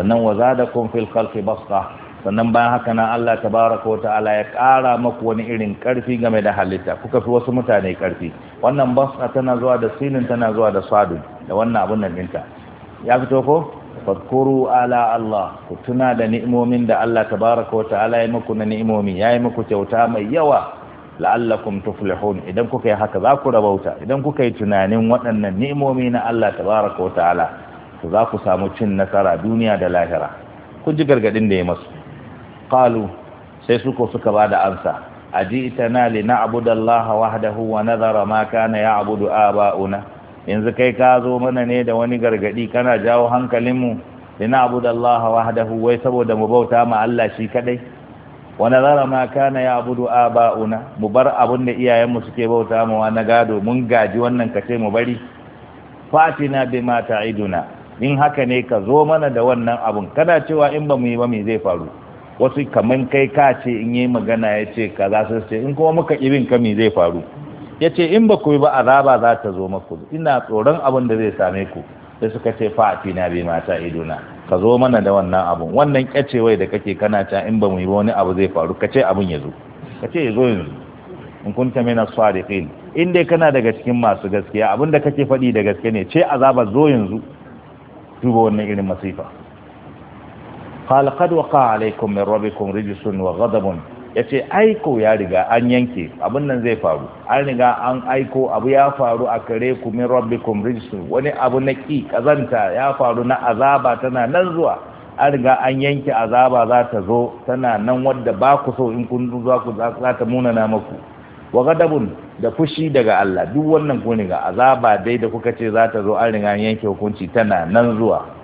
sannan wa zadakum fil khalqi basta sannan bayan haka nan Allah tabaraka wa ta'ala ya ƙara maku wani irin ƙarfi game da halitta kuka fi wasu mutane ƙarfi wannan basa tana zuwa da silin tana zuwa da sadun da wannan abun nan ɗinta ya fito ko fadkuru ala Allah ku tuna da ni'imomin da Allah tabaraka wa ta'ala ya muku na ni'imomi ya yi maku kyauta mai yawa la'allakum tuflihun idan kuka yi haka za ku rabauta idan kuka yi tunanin waɗannan ni'imomi na Allah tabaraka wa ta'ala za ku samu cin nasara duniya da lahira kun ji gargaɗin da ya masu qalu sai suko suka bada amsa ajitana li na'budallaha wahdahu wa nadhara ma kana ya'budu aba'una yanzu kai ka zo mana ne da wani gargadi kana jawo hankalinmu li na'budallaha wahdahu wai saboda mu bauta ma Allah shi kadai wa nadhara ma kana ya'budu aba'una mu bar abun da iyayenmu suke bauta ma na gado mun gaji wannan kace mu bari fatina bima ta'iduna in haka ne ka zo mana da wannan abun kana cewa in ba mu yi ba me zai faru wasu kaman kai ka ce in yi magana ya ce za su ce in kuma muka irin kami zai faru ya ce in ba ku yi ba azaba za ta zo maku ina tsoron abin da zai same ku sai suka ce fa'afi na bai mata idona ka zo mana da wannan abun wannan kyacewai da kake kana ta in ba mu yi wani abu zai faru ka ce abin ya zo ka ce ya zo yanzu in kunta mena sadiqin in dai kana daga cikin masu gaskiya abin da kake faɗi da gaske ne ce azaba zo yanzu duba wannan irin masifa qala qad waqa alaykum min rabbikum rijsun wa ghadabun yace aiko ya riga an yanke abin nan zai faru an riga an aiko abu ya faru a kare ku min rabbikum rijsun wani abu na ki kazanta ya faru na azaba tana nan zuwa an riga an yanke azaba za ta zo tana nan wadda ba ku so in kun zuwa ku za ta munana muku wa gadabun da fushi daga Allah duk wannan ku ga azaba dai da kuka ce za ta zo an riga an yanke hukunci tana nan zuwa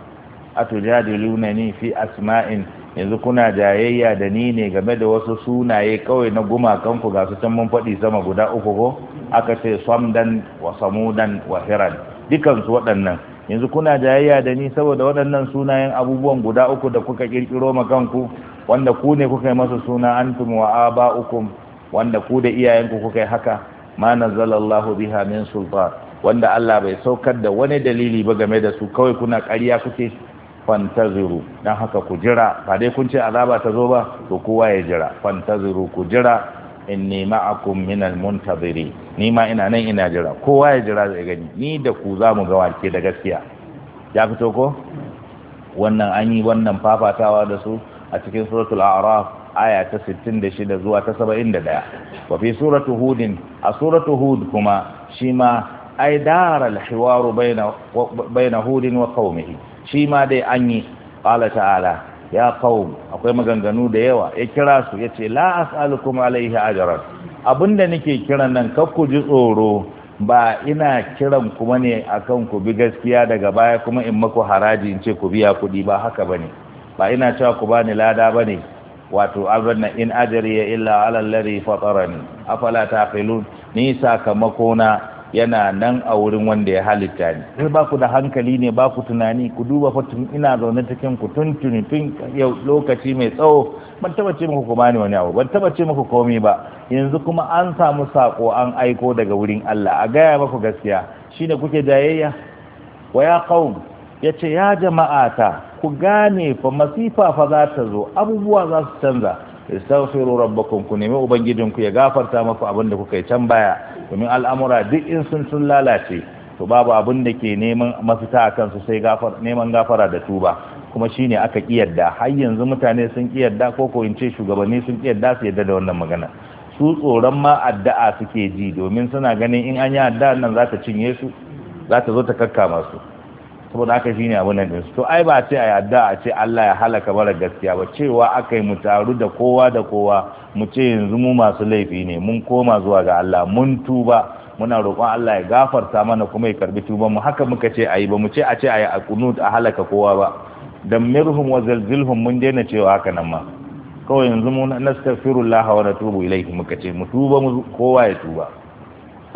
atujadilunani fi asma'in yanzu kuna jayayya da ni ne game da wasu sunaye kawai na gumakanku ga su can mun faɗi sama guda uku ko aka ce samdan wa samudan wa hiran dukansu waɗannan yanzu kuna jayayya da ni saboda waɗannan sunayen abubuwan guda uku da kuka kirkiro ma kanku wanda ku ne kuka yi masa suna antum wa aba'ukum wanda ku da iyayenku kuka yi haka ma nazzalallahu biha min sultan wanda Allah bai saukar da wani dalili ba game da su kawai kuna ƙarya kuke fantaziru dan haka ku jira ba dai kun ce azaba ta zo ba to kowa ya jira fantaziru ku jira nema ma'akum minal muntaziri ni ma ina nan ina jira kowa ya jira zai gani ni da ku za mu ga wake da gaskiya ya fito ko wannan an yi wannan fafatawa da su a cikin suratul a'raf aya ta 66 zuwa ta 71 wa fi suratu hudin a suratu hud kuma shi ma ai daral hiwaru baina baina hudin wa qaumihi shi ma dai an yi ƙala ta'ala ya kawo akwai maganganu da yawa ya kira su ya ce la'as alikuma alaihi Abun da nake kiran nan kar ku ji tsoro ba ina kiran kuma ne akan ku bi gaskiya daga baya kuma in maku haraji in ce ku biya kuɗi ba haka ba ne, ba ina cewa ku bani lada ba ne? wato na in ya illa alallari fatsara fatarani afala taqilun ni sakamako na yana nan a wurin wanda ya halitta ni sai ba ku da hankali ne ba ku tunani ku duba fa ina zaune cikin ku tun tuni tun yau lokaci mai tsawo ban taba ce muku kuma ni wani abu ban taba ce muku komai ba yanzu kuma an samu sako an aiko daga wurin Allah a gaya maku gaskiya shine kuke jayayya wa ya qaum yace ya jama'ata ku gane fa masifa fa za ta zo abubuwa za su canza istaghfiru rabbakum ku nemi ubangijinku ya gafarta maku abin da kuka yi can baya domin al'amura duk in sun sun lalace to babu abin da ke neman mafita a kansu sai neman gafara da tuba kuma shine aka kiyarda har yanzu mutane sun kiyarda ko ko in ce shugabanni sun kiyarda su yarda da wannan magana su tsoron ma addu'a suke ji domin suna ganin in an yi addu'a nan za ta cinye su za ta zo ta kakkama su saboda haka shine abin nan to ai ba ce a yadda a ce Allah ya halaka mara gaskiya ba cewa akai mu taru da kowa da kowa mu ce yanzu mu masu laifi ne mun koma zuwa ga Allah mun tuba muna roƙon Allah ya gafarta mana kuma ya karbi tuban mu haka muka ce ayi ba mu ce a ce ayi a kunut a halaka kowa ba mirhum wa zalzilhum mun daina cewa haka nan ma kawai yanzu mu nastaghfirullah wa natubu ilayhi muka ce mu tuba mu kowa ya tuba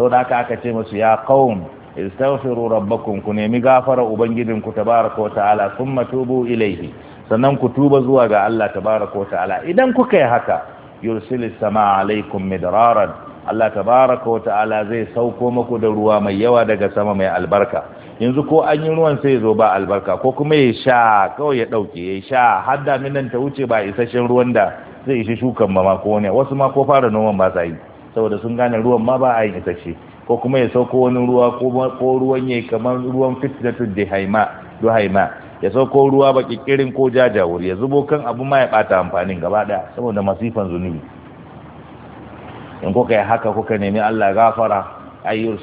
saboda haka aka ce musu ya qaum istaghfiru rabbakum ku nemi gafara ku tabaraka ta'ala thumma tubu ilaihi. sannan ku tuba zuwa ga Allah tabaraka ta'ala. idan kuka yi haka yursilu samaa alaykum midraran Allah tabaraka ta'ala, zai sauko maku da ruwa mai yawa daga sama mai albarka yanzu ko an yi ruwan sai zo ba albarka ko kuma ya sha kawai ya dauke ya sha har daminan ta wuce ba isasshen ruwan da zai ishi shukan ba ma ko ne wasu ma ko fara noman ba sai saboda sun gane ruwan ma ba a yin isasshe ko kuma ya sauko wani ruwa ko ruwan yayi kamar ruwan fitnatu duhaima ya sauko ruwa ba kirin ko jajawur ya zubo kan abu ma ya bata amfanin gaba daya saboda masifan zunubi in kuka yi haka kuka nemi Allah gafara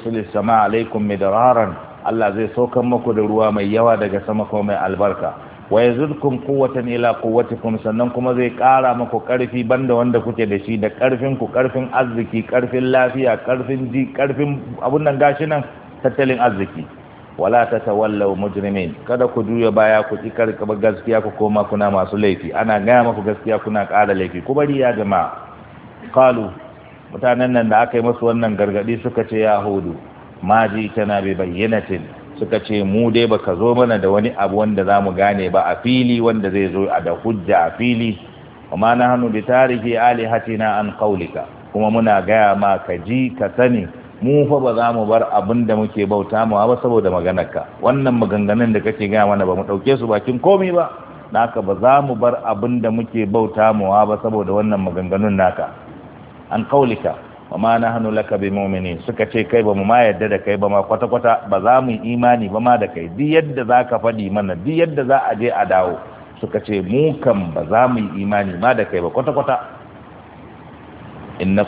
sulis sama alaikum midraran Allah zai saukan maku da ruwa mai yawa daga sama ko mai albarka wa yazidkum quwwatan ila quwwatikum sannan kuma zai kara maku karfi banda wanda kuke da shi da karfin ku ƙarfin arziki ƙarfin lafiya ƙarfin ji karfin abun nan gashi nan tattalin arziki wala tatawallaw mujrimin kada ku juya baya ku ki karkaba gaskiya ku koma kuna masu laifi ana gaya maku gaskiya kuna kara laifi ku bari ya jama'a qalu mutanen nan da aka yi masu wannan gargadi suka ce yahudu ma ji tana bi bayyanatin suka ce mu dai baka zo mana da wani abu wanda za mu gane ba a fili wanda zai zo a da hujja a fili amma na hannu da tarihi alihatina an kaulika kuma muna gaya ma ka ji ka sani mu fa ba za mu bar abin da muke bauta mu ba saboda maganarka wannan maganganun da kake gaya mana ba mu ɗauke su bakin komi ba naka ba za mu bar abin da muke bauta mu ba saboda wannan maganganun naka an kaulika wa na hannu laka bi mumini suka ce kai ba mu ma yadda da kai ba ma kwata-kwata ba za mu yi imani ba ma da kai duk yadda za ka faɗi mana duk yadda za a je a dawo suka ce mu kan ba za mu yi imani ma da kai ba kwata-kwata in na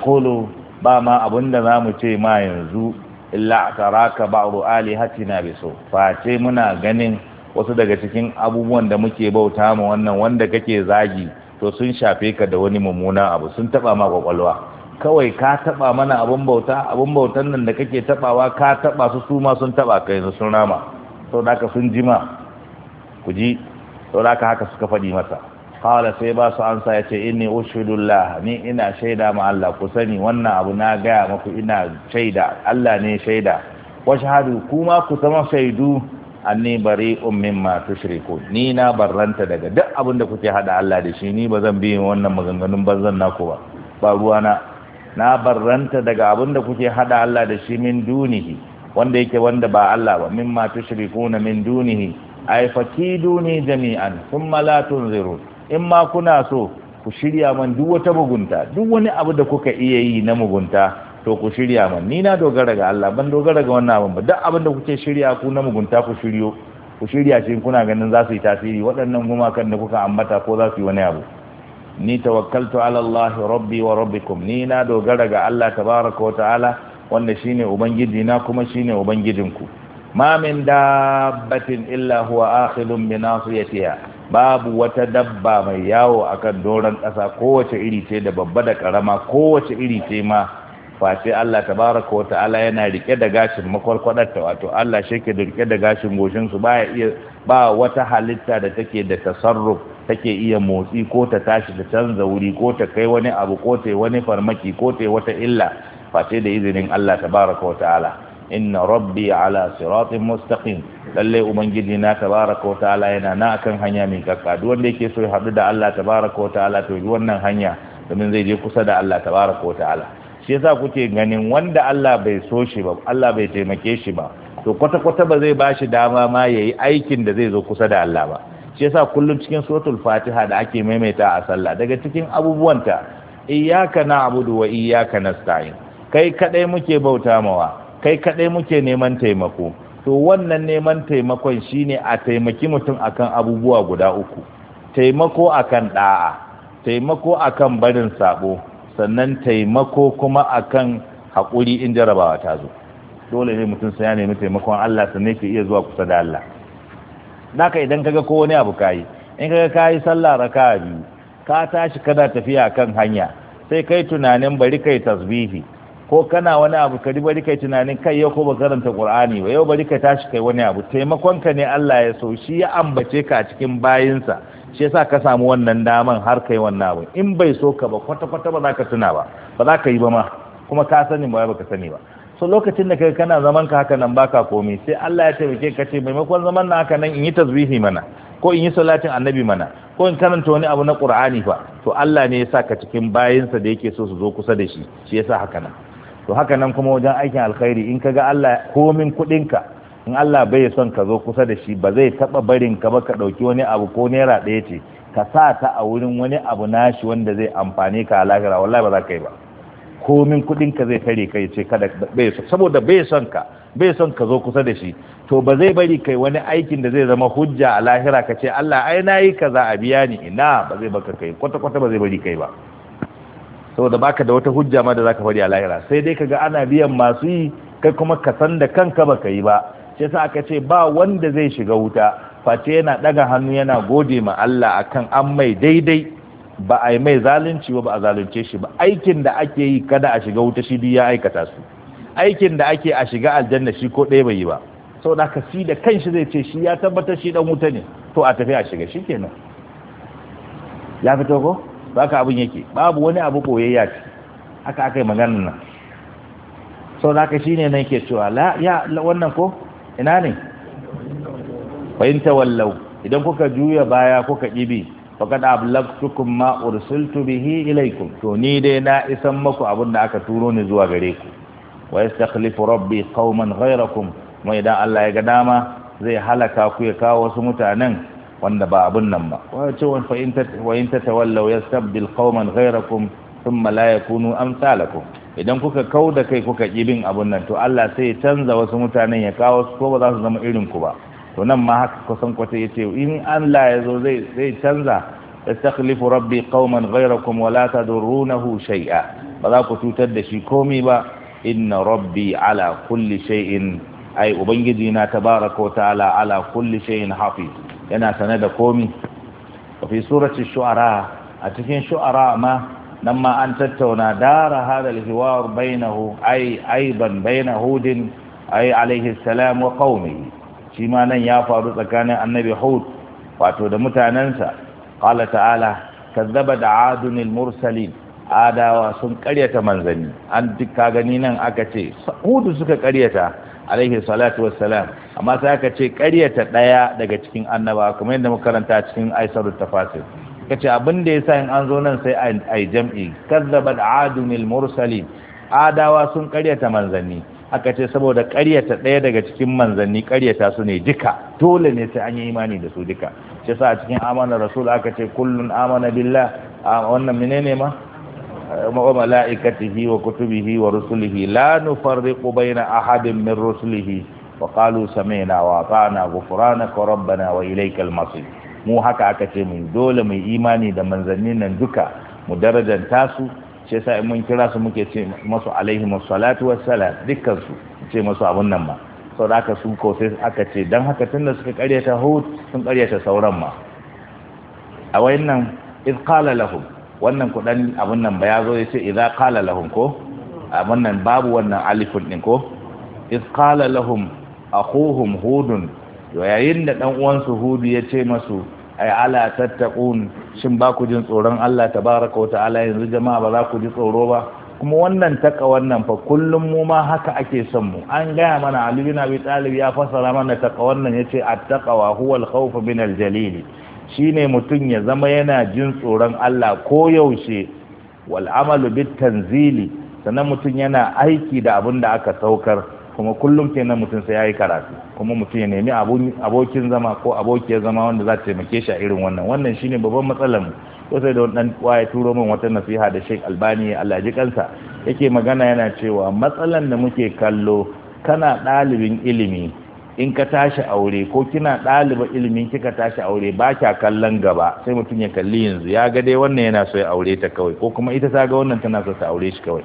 ba ma abunda za mu ce ma yanzu illa a taraka ba ru'ali hatina bi so face muna ganin wasu daga cikin abubuwan da muke bauta ma wannan wanda kake zagi to sun shafe ka da wani mummuna abu sun taba ma kwakwalwa kawai ka taba mana abun bauta abun bautan nan da kake tabawa ka taba su su ma sun taba kai yanzu sun rama saboda ka sun jima ku ji saboda haka haka suka faɗi masa qala sai ba su ansa yace inni ushhidullah ni ina shaida ma Allah ku sani wannan abu na gaya maku ina shaida Allah ne shaida wa shahadu kuma ku zama shaidu anni bari'un mimma tushriku ni na barranta daga duk abin da kuke hada Allah da shi ni bazan bi wannan maganganun bazan naku ba ba ruwana na barranta daga abin da kuke hada Allah da shi min dunihi wanda yake wanda ba Allah ba min mimma tushrikuna min dunihi ay fakiduni jami'an thumma la tunzirun in ma kuna so ku shirya man duk wata mugunta duk wani abu da kuka iya yi na mugunta to ku shirya man ni na dogara ga Allah ban dogara ga wannan abin ba duk abin da kuke shirya ku na mugunta ku shiryo ku shirya shi kuna ganin za su yi tasiri waɗannan gumakan da kuka ambata ko za su yi wani abu ni tawakkaltu ala Allah rabbi wa rabbikum ni na dogara ga Allah tabaraka wa ta'ala wanda shine ubangiji na kuma shine ubangijinku ma min dabbatin illa huwa akhilun bi nasiyatiha babu wata dabba mai yawo akan doron ƙasa kowace iri ce da babba da karama kowace iri ce ma face Allah tabaraka wa ta'ala yana rike da gashin makwarkwadarta wato Allah shi ke rike da gashin goshin su baya iya ba wata halitta da take da tasarruf take iya motsi ko ta tashi ta canza wuri ko ta kai wani abu ko ta wani farmaki ko ta wata illa face da izinin Allah tabaraka wa ta'ala inna rabbi ala siratin mustaqim lalle ubangiji na tabaraka wa ta'ala yana na akan hanya mai kakka duk wanda yake so ya haɗu da Allah tabaraka wa ta'ala to yi wannan hanya domin zai je kusa da Allah tabaraka wa ta'ala shi yasa kuke ganin wanda Allah bai so shi ba Allah bai taimake shi ba to kwata-kwata ba zai bashi dama ma yayi aikin da zai zo kusa da Allah ba shi yasa kullum cikin suratul fatiha da ake maimaita a sallah daga cikin abubuwanta iyyaka na'budu wa iyyaka nasta'in kai kadai muke bauta mawa kai kadai muke neman taimako to wannan neman taimakon shine a taimaki mutum akan abubuwa guda uku taimako akan da'a taimako akan barin sabo sannan taimako kuma akan haƙuri in jarabawa ta zo dole ne mutum sai ya nemi taimakon Allah sannan ke iya zuwa kusa da Allah naka idan kaga ko wani abu kayi in kaga kayi sallah raka biyu ka tashi kana tafiya kan hanya sai kai tunanin bari kai tasbihi ko kana wani abu ka bari kai tunanin kai yau ko ba karanta qur'ani ba yau bari ka tashi kai wani abu taimakon ka ne Allah ya so shi ya ambace ka a cikin bayinsa shi yasa ka samu wannan daman har kai wannan abu in bai so ka ba kwata kwata ba za ka tuna ba ba za ka yi ba ma kuma ka sani ba ba ka sani ba so lokacin da kai kana zaman ka haka nan baka komai sai Allah ya taimake ka ce maimakon zaman na haka nan in yi tasbihi mana ko in yi salatin annabi mana ko in karanta wani abu na qur'ani fa to Allah ne ya sa ka cikin sa da yake so su zo kusa da shi shi yasa haka nan to haka nan kuma wajen aikin alkhairi in kaga Allah komin ka in Allah bai son ka zo kusa da shi ba zai taba barin ka ba ka dauki wani abu ko naira daya ce ka sa ta a wurin wani abu nashi wanda zai amfane ka a lahira wallahi ba za ka yi ba komin kudin ka zai tare kai ce kada bai saboda bai son ka bai son ka zo kusa da shi to ba zai bari kai wani aikin da zai zama hujja a lahira ka ce Allah ai yi kaza a biya ni ina ba zai baka kai kwata kwata ba zai bari kai ba saboda baka da wata hujja ma da zaka fadi a lahira sai dai kaga ana biyan masu yi kai kuma ka san da kanka baka yi ba sai sa aka ce ba wanda zai shiga wuta face yana daga hannu yana gode ma Allah akan an mai daidai ba a yi mai zalunci ba ba a zalunce shi ba aikin da ake yi kada a shiga wuta shi biyu ya aikata su aikin da ake a shiga aljanna shi ko ɗaya bai yi ba sau da ka da da kanshi zai ce shi ya tabbatar shi dan wuta ne to a tafi a shiga shi kenan ya fito ko ba ka abin yake babu wani abu koyayya ce haka aka yi magana nan sau da ka shi ne nan ke cewa ya wannan ko ina ne fahimta wallau idan kuka juya baya kuka ƙibi faqad ablagtukum ma ursiltu bihi ilaykum to ni dai na isan maku abin da aka turo ni zuwa gare ku wa yastakhlifu rabbi qauman ghayrakum kuma idan Allah ya ga dama zai halaka ku ya kawo wasu mutanen wanda ba abun nan ba wa ce wa in wa in tatawallaw yastabdil qauman ghayrakum thumma la yakunu amsalakum idan kuka kau da kai kuka bin abun nan to Allah sai ya canza wasu mutanen ya kawo su ko ba za su zama irin ku ba to nan ma haka kusan kwata ya ce in Allah ya zo zai canza da takhlifu rabbi qauman ghayrakum wa la tadurrunahu shay'a ba za ku cutar da shi komai ba inna rabbi ala kulli shay'in ai ubangiji na tabaraka wa ta'ala ala kulli shay'in hafiz yana sanar da komai wa fi surati shu'ara a cikin shu'ara ma nan ma an tattauna dara hada alhiwar bainahu ai aiban baina hudin ai alaihi salam wa qaumihi shi ma nan ya faru tsakanin annabi hud wato da mutanensa qala ta'ala kazzaba da adunil mursalin adawa sun karyata manzanni an duk gani nan aka ce hudu suka karyata alaihi salatu wassalam amma sai aka ce karyata ɗaya daga cikin annaba kuma yadda muka karanta cikin aisarut tafasir kace abin da yasa in an zo nan sai ai jam'i kazzaba da adunil mursalin adawa sun karyata manzanni aka ce saboda ƙaryata ɗaya daga cikin manzanni ƙaryata su ne duka dole ne sai an yi imani da su duka shi sa a cikin amana rasul aka ce kullun amana billah wannan menene ma wa mala'ikatihi wa kutubihi wa rusulihi la nufarriqu baina ahadin min rusulihi wa qalu sami'na wa ata'na ghufranaka rabbana wa ilaykal masir mu haka aka ce mu dole mu imani da manzannin nan duka mu darajanta su ce sa in mun kira su muke ce masu alaihi masalatu wassalam dukkan su ce masu abun nan ba sau da aka su ko sai aka ce don haka tun da suka karyata hud sun karyata sauran ma a nan iz qala lahum wannan kudan abun nan ba ya zo ya ce idza qala lahum ko abun nan babu wannan alifun din ko iz qala lahum akhuhum hudun yayin da dan uwansu hudu ya ce masu ay ala tattaqun shin ba ku jin tsoron Allah tabaraka wa ta'ala yanzu jama'a ba za ku ji tsoro ba kuma wannan taka wannan fa kullum mu ma haka ake son mu an gaya mana Ali bin Abi Talib ya fasara mana taka wannan yace at-taqwa huwa al-khawf min al-jalil shine mutun ya zama yana jin tsoron Allah ko yaushe wal amalu bit tanzili sannan mutun yana aiki da abin da aka saukar kuma kullum kenan mutum sai ya yi karatu kuma mutum ya nemi abokin zama ko abokiyar zama wanda za ta taimake shi a irin wannan wannan shine babban matsalar mu ko sai da dan waye turo min wata nasiha da Sheikh Albani Allah ji kansa yake magana yana cewa matsalan da muke kallo kana dalibin ilimi in ka tashi aure ko kina ɗaliba ilimin kika tashi aure ba kya kallon gaba sai mutum ya kalli yanzu ya ga dai wannan yana so ya aure ta kawai ko kuma ita ta ga wannan tana so ta aure shi kawai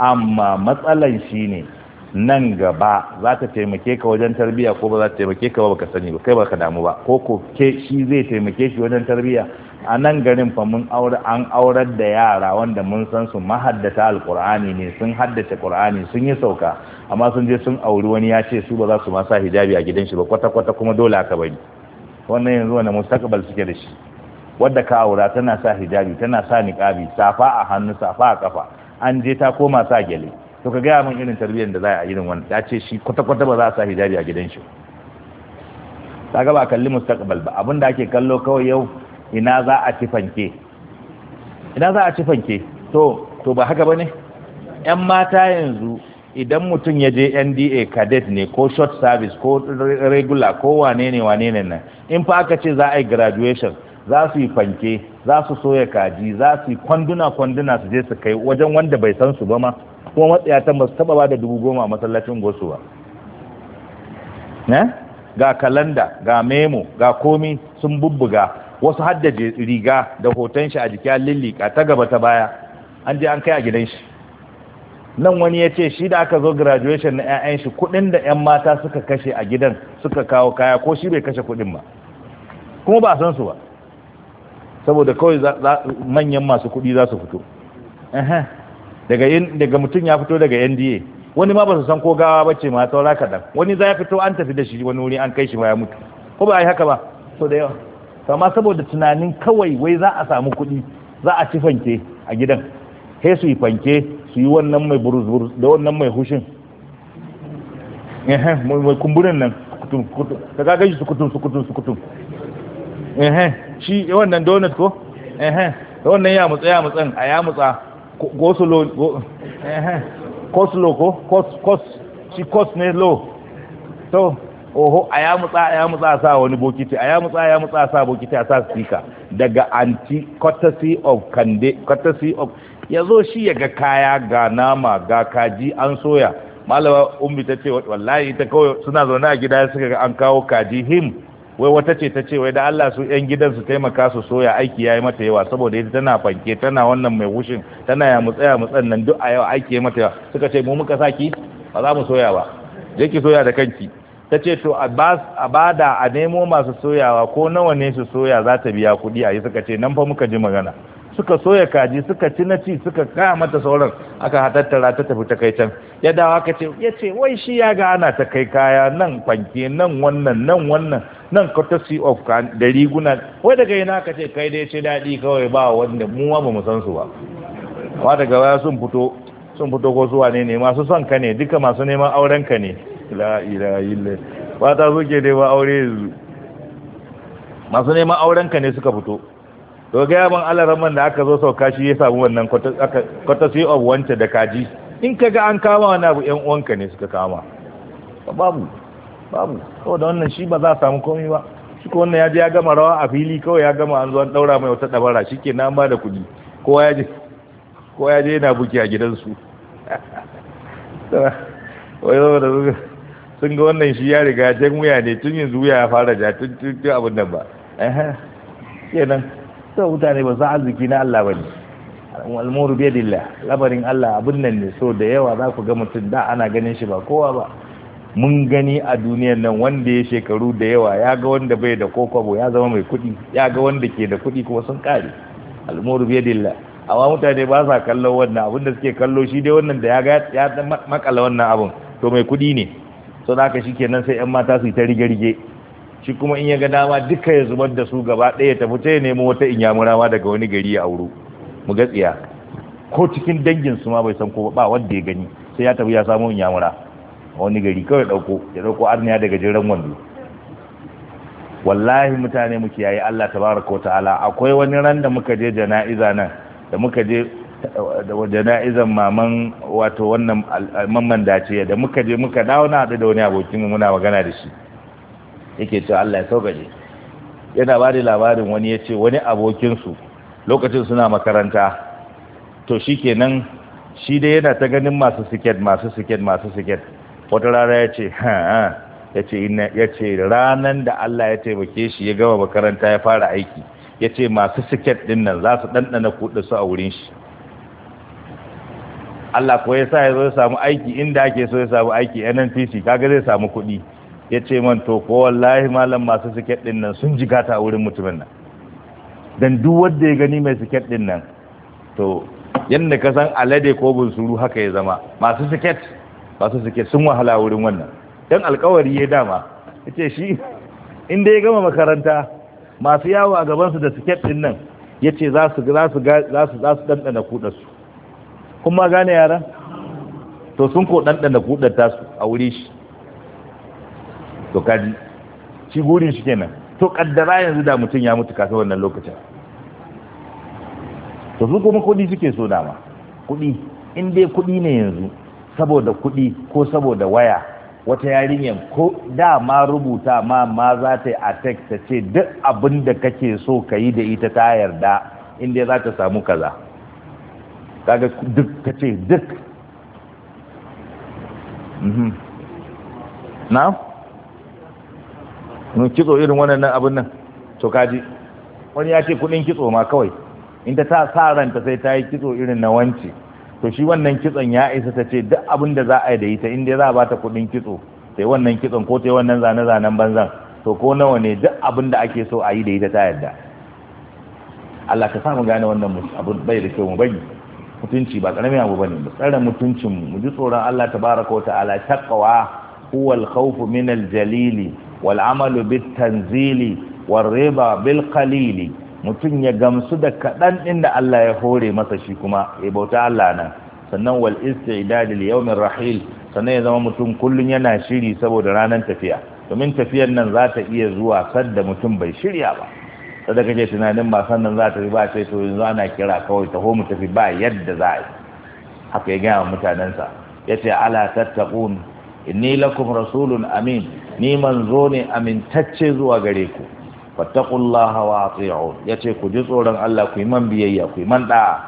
amma matsalan shine nan gaba za ta taimake ka wajen tarbiya ko ba za ta taimake ka ba baka sani ba kai baka damu ba ko ko ke shi zai taimake shi wajen tarbiya a nan garin fa mun aure an aurar da yara wanda mun san su mahaddata alqur'ani ne sun haddace qur'ani sun yi sauka amma sun je sun auri wani ya ce su ba za su ma sa hijabi a gidan shi ba kwata kwata kuma dole aka bari wannan yanzu wani mustaqbal suke da shi wadda ka aura tana sa hijabi tana sa niqabi safa a hannu safa a kafa an je ta koma sa gele. to ka gaya min irin tarbiyyar da za a irin wani ya ce shi kwata-kwata ba za a sa hijabi a gidan shi ta gaba a kalli mustaqbal ba abin da ake kallo kawai yau ina za a ci fanke ina za a ci fanke to ba haka bane yan mata yanzu idan mutum ya je NDA cadet ne ko short service ko regular ko wane ne wane ne nan in fa aka ce za a yi graduation za su yi fanke za su soya kaji za su yi kwanduna kwanduna su je su kai wajen wanda bai san su ba ma kuma matsaya ba su taba ba da dubu goma a masallacin gosuwa. ga kalanda ga memo ga komi sun bubbuga wasu haddaje riga da hoton shi a jiki a lillika ta gaba ta baya an je an kai a gidan shi nan wani ya ce shi da aka zo graduation na 'ya'yan shi kudin da 'yan mata suka kashe a gidan suka kawo kaya ko shi bai kashe kudin ba kuma ba san su ba saboda kawai manyan masu kudi za su fito daga mutum ya fito daga NDA wani ma ba su san kogawa ba ce ma wala kaɗan wani za ya fito an tafi da shi wani wuri an kai shi ba ya mutu ko ba a yi haka ba so da yawa amma saboda tunanin kawai wai za a samu kuɗi za a ci fanke a gidan he su yi fanke su yi wannan mai buruz buruz da wannan mai hushin mai kumburin nan kutum kutum ka su kutum su kutum su kutum shi wannan donut ko wannan ya mutsa ya mutsan a ya mutsa goslo koslo shi kos a mutsa a sa wani bokiti a mutsa a sa bokiti a sa speaker daga anti courtesy kande courtesy of ya shi ya kaya ga nama ga kaji an soya malama ummi ta ce wallahi ta kawai suna zaune a gida suka ga an kawo kaji him wai wata ce ta ce wai da Allah su yan gidan su taimaka su soya aiki ya yi mata yawa saboda ita tana fanke tana wannan mai wushin tana ya mutsaya mutsan nan duk a yau aiki yayi mata yawa suka ce mu muka saki ba za mu soya ba je ki soya da kanki ta ce to a bada a nemo masu soyawa ko nawa ne su soya za ta biya kuɗi a yi suka ce nan fa muka ji magana suka soya kaji suka ci na ci suka kaya mata sauran aka hatattara ta tafi ta kai can ya dawo aka ce ya ce wai shi ya ga ana ta kai kaya nan fanke nan wannan nan wannan nan courtesy of da riguna wai daga yana aka ce kai dai ce daɗi kawai ba wanda mu ma bamu san su ba wa daga baya sun fito sun fito ko zuwa wane ne masu son ka ne duka masu neman auren ka ne la ilaha illa ba ta suke ba aure yanzu masu neman auren ka ne suka fito to ga yaban ramman da aka zo sauka shi ya samu wannan kwatasi of wance da kaji in ka ga an kama wani abu yan uwanka ne suka kama babu babu saboda wannan shi ba za a samu komai ba shi ko wannan ya je ya gama rawa a fili kawai ya gama an zo an daura mai wata dabara shike na ba da kuɗi kowa ya je kowa ya je yana buki a gidansu wai zama da sun ga wannan shi ya riga jan wuya ne tun yanzu wuya ya fara ja tun tun abin nan ba kenan sau mutane ba a arziki na Allah ba ne al'amuru biyar dilla labarin Allah abin nan ne so da yawa za ku ga mutum da ana ganin shi ba kowa ba mun gani a duniyar nan wanda ya shekaru da yawa ya ga wanda bai da kokwabo ya zama mai kuɗi ya ga wanda ke da kuɗi kuma sun ƙare al'amuru biyar yadillah amma mutane ba sa kallo wannan abin da suke kallo shi dai wannan da ya ga ya makala wannan abin to mai kuɗi ne so da haka kenan sai yan mata su yi ta rige-rige shi kuma in ya ga dama duka ya zubar da su gaba ɗaya tafi ta ya nemo wata inyamurawa daga wani gari ya auro mu ga ko cikin dangin su ma bai san ko ba wanda ya gani sai ya tafi ya samu inyamura a wani gari kawai ɗauko. ya ɗauko arniya daga jiran wando wallahi mutane muke yayi Allah tabaraka ta'ala akwai wani ran da muka je jana'iza nan da muka je da jana'izan maman wato wannan mamman dace da muka je muka dawo na da wani abokin muna magana da shi yake cewa Allah ya ne yana ba da labarin wani ya ce wani abokinsu lokacin suna makaranta to shi kenan shi dai yana ta ganin masu siket masu siket masu siket wata rana ya ce ya ce ya ranan da Allah ya taimake shi ya gama makaranta ya fara aiki ya ce masu siket din nan za su ɗanɗana kuɗi su a wurin shi Allah ko ya sa ya zo ya samu aiki inda ake so ya samu aiki NNPC kaga zai samu kuɗi ya ce man to ko wallahi malam masu siket din nan sun jigata a wurin mutumin nan dan duk wanda ya gani mai siket din nan to yadda ka san alade ko bunsuru haka ya zama masu siket masu siket sun wahala wurin wannan dan alkawari ya dama yace shi inda ya gama makaranta masu yawo a gaban su da siket din nan yace za su za su za su za su dandana kudar su kuma gane yaran to sun ko dandana kudar tasu a wuri shi to kaji shi gurin shi kenan to kaddara yanzu da mutum ya mutu kasa wannan lokacin to su kuma kuɗi suke so dama kuɗi in dai kuɗi ne yanzu saboda kuɗi ko saboda waya wata yarinyar ko dama rubuta ma ma za ta yi a ta ce duk abin da kake so ka yi da ita ta yarda in dai za ta samu kaza kaga duk ka ce duk mhm. na nun kitso irin wannan abin nan to kaji wani ya ce kudin kitso ma kawai in ta sa ta sai ta yi kitso irin na wance to shi wannan kitson ya isa ta ce duk abin da za a yi da ita inda za a bata kudin kitso sai wannan kitson ko ta yi wannan zane-zanen banzan to ko nawa ne duk abin da ake so a yi da ita ta yarda Allah ka samu gane wannan abu bai da kyau mu bari mutunci ba karamin abu bane mu tsare mutuncin mu ji tsoron Allah tabaraka wa ta'ala taqwa huwal khawfu min al jalili Wal'amalu Bittanzili bit tanzili war riba bil qalili mutum ya gamsu da kaɗan ɗin da Allah ya hore masa shi kuma ya bauta Allah nan sannan wal istidadil lil rahil sannan ya zama mutum kullun yana shiri saboda ranar tafiya domin tafiyar nan za ta iya zuwa sadda mutum bai shirya ba sai da kaje tunanin ba nan za ta ba sai to yanzu ana kira kawai taho mu tafi ba yadda za a yi haka ya gaya wa mutanensa ya ce ala tattaqun inni lakum rasulun amin ni manzo ne amintacce zuwa gare ku fattakullaha wa ati'u yace ku ji tsoron Allah ku yi man biyayya ku yi man da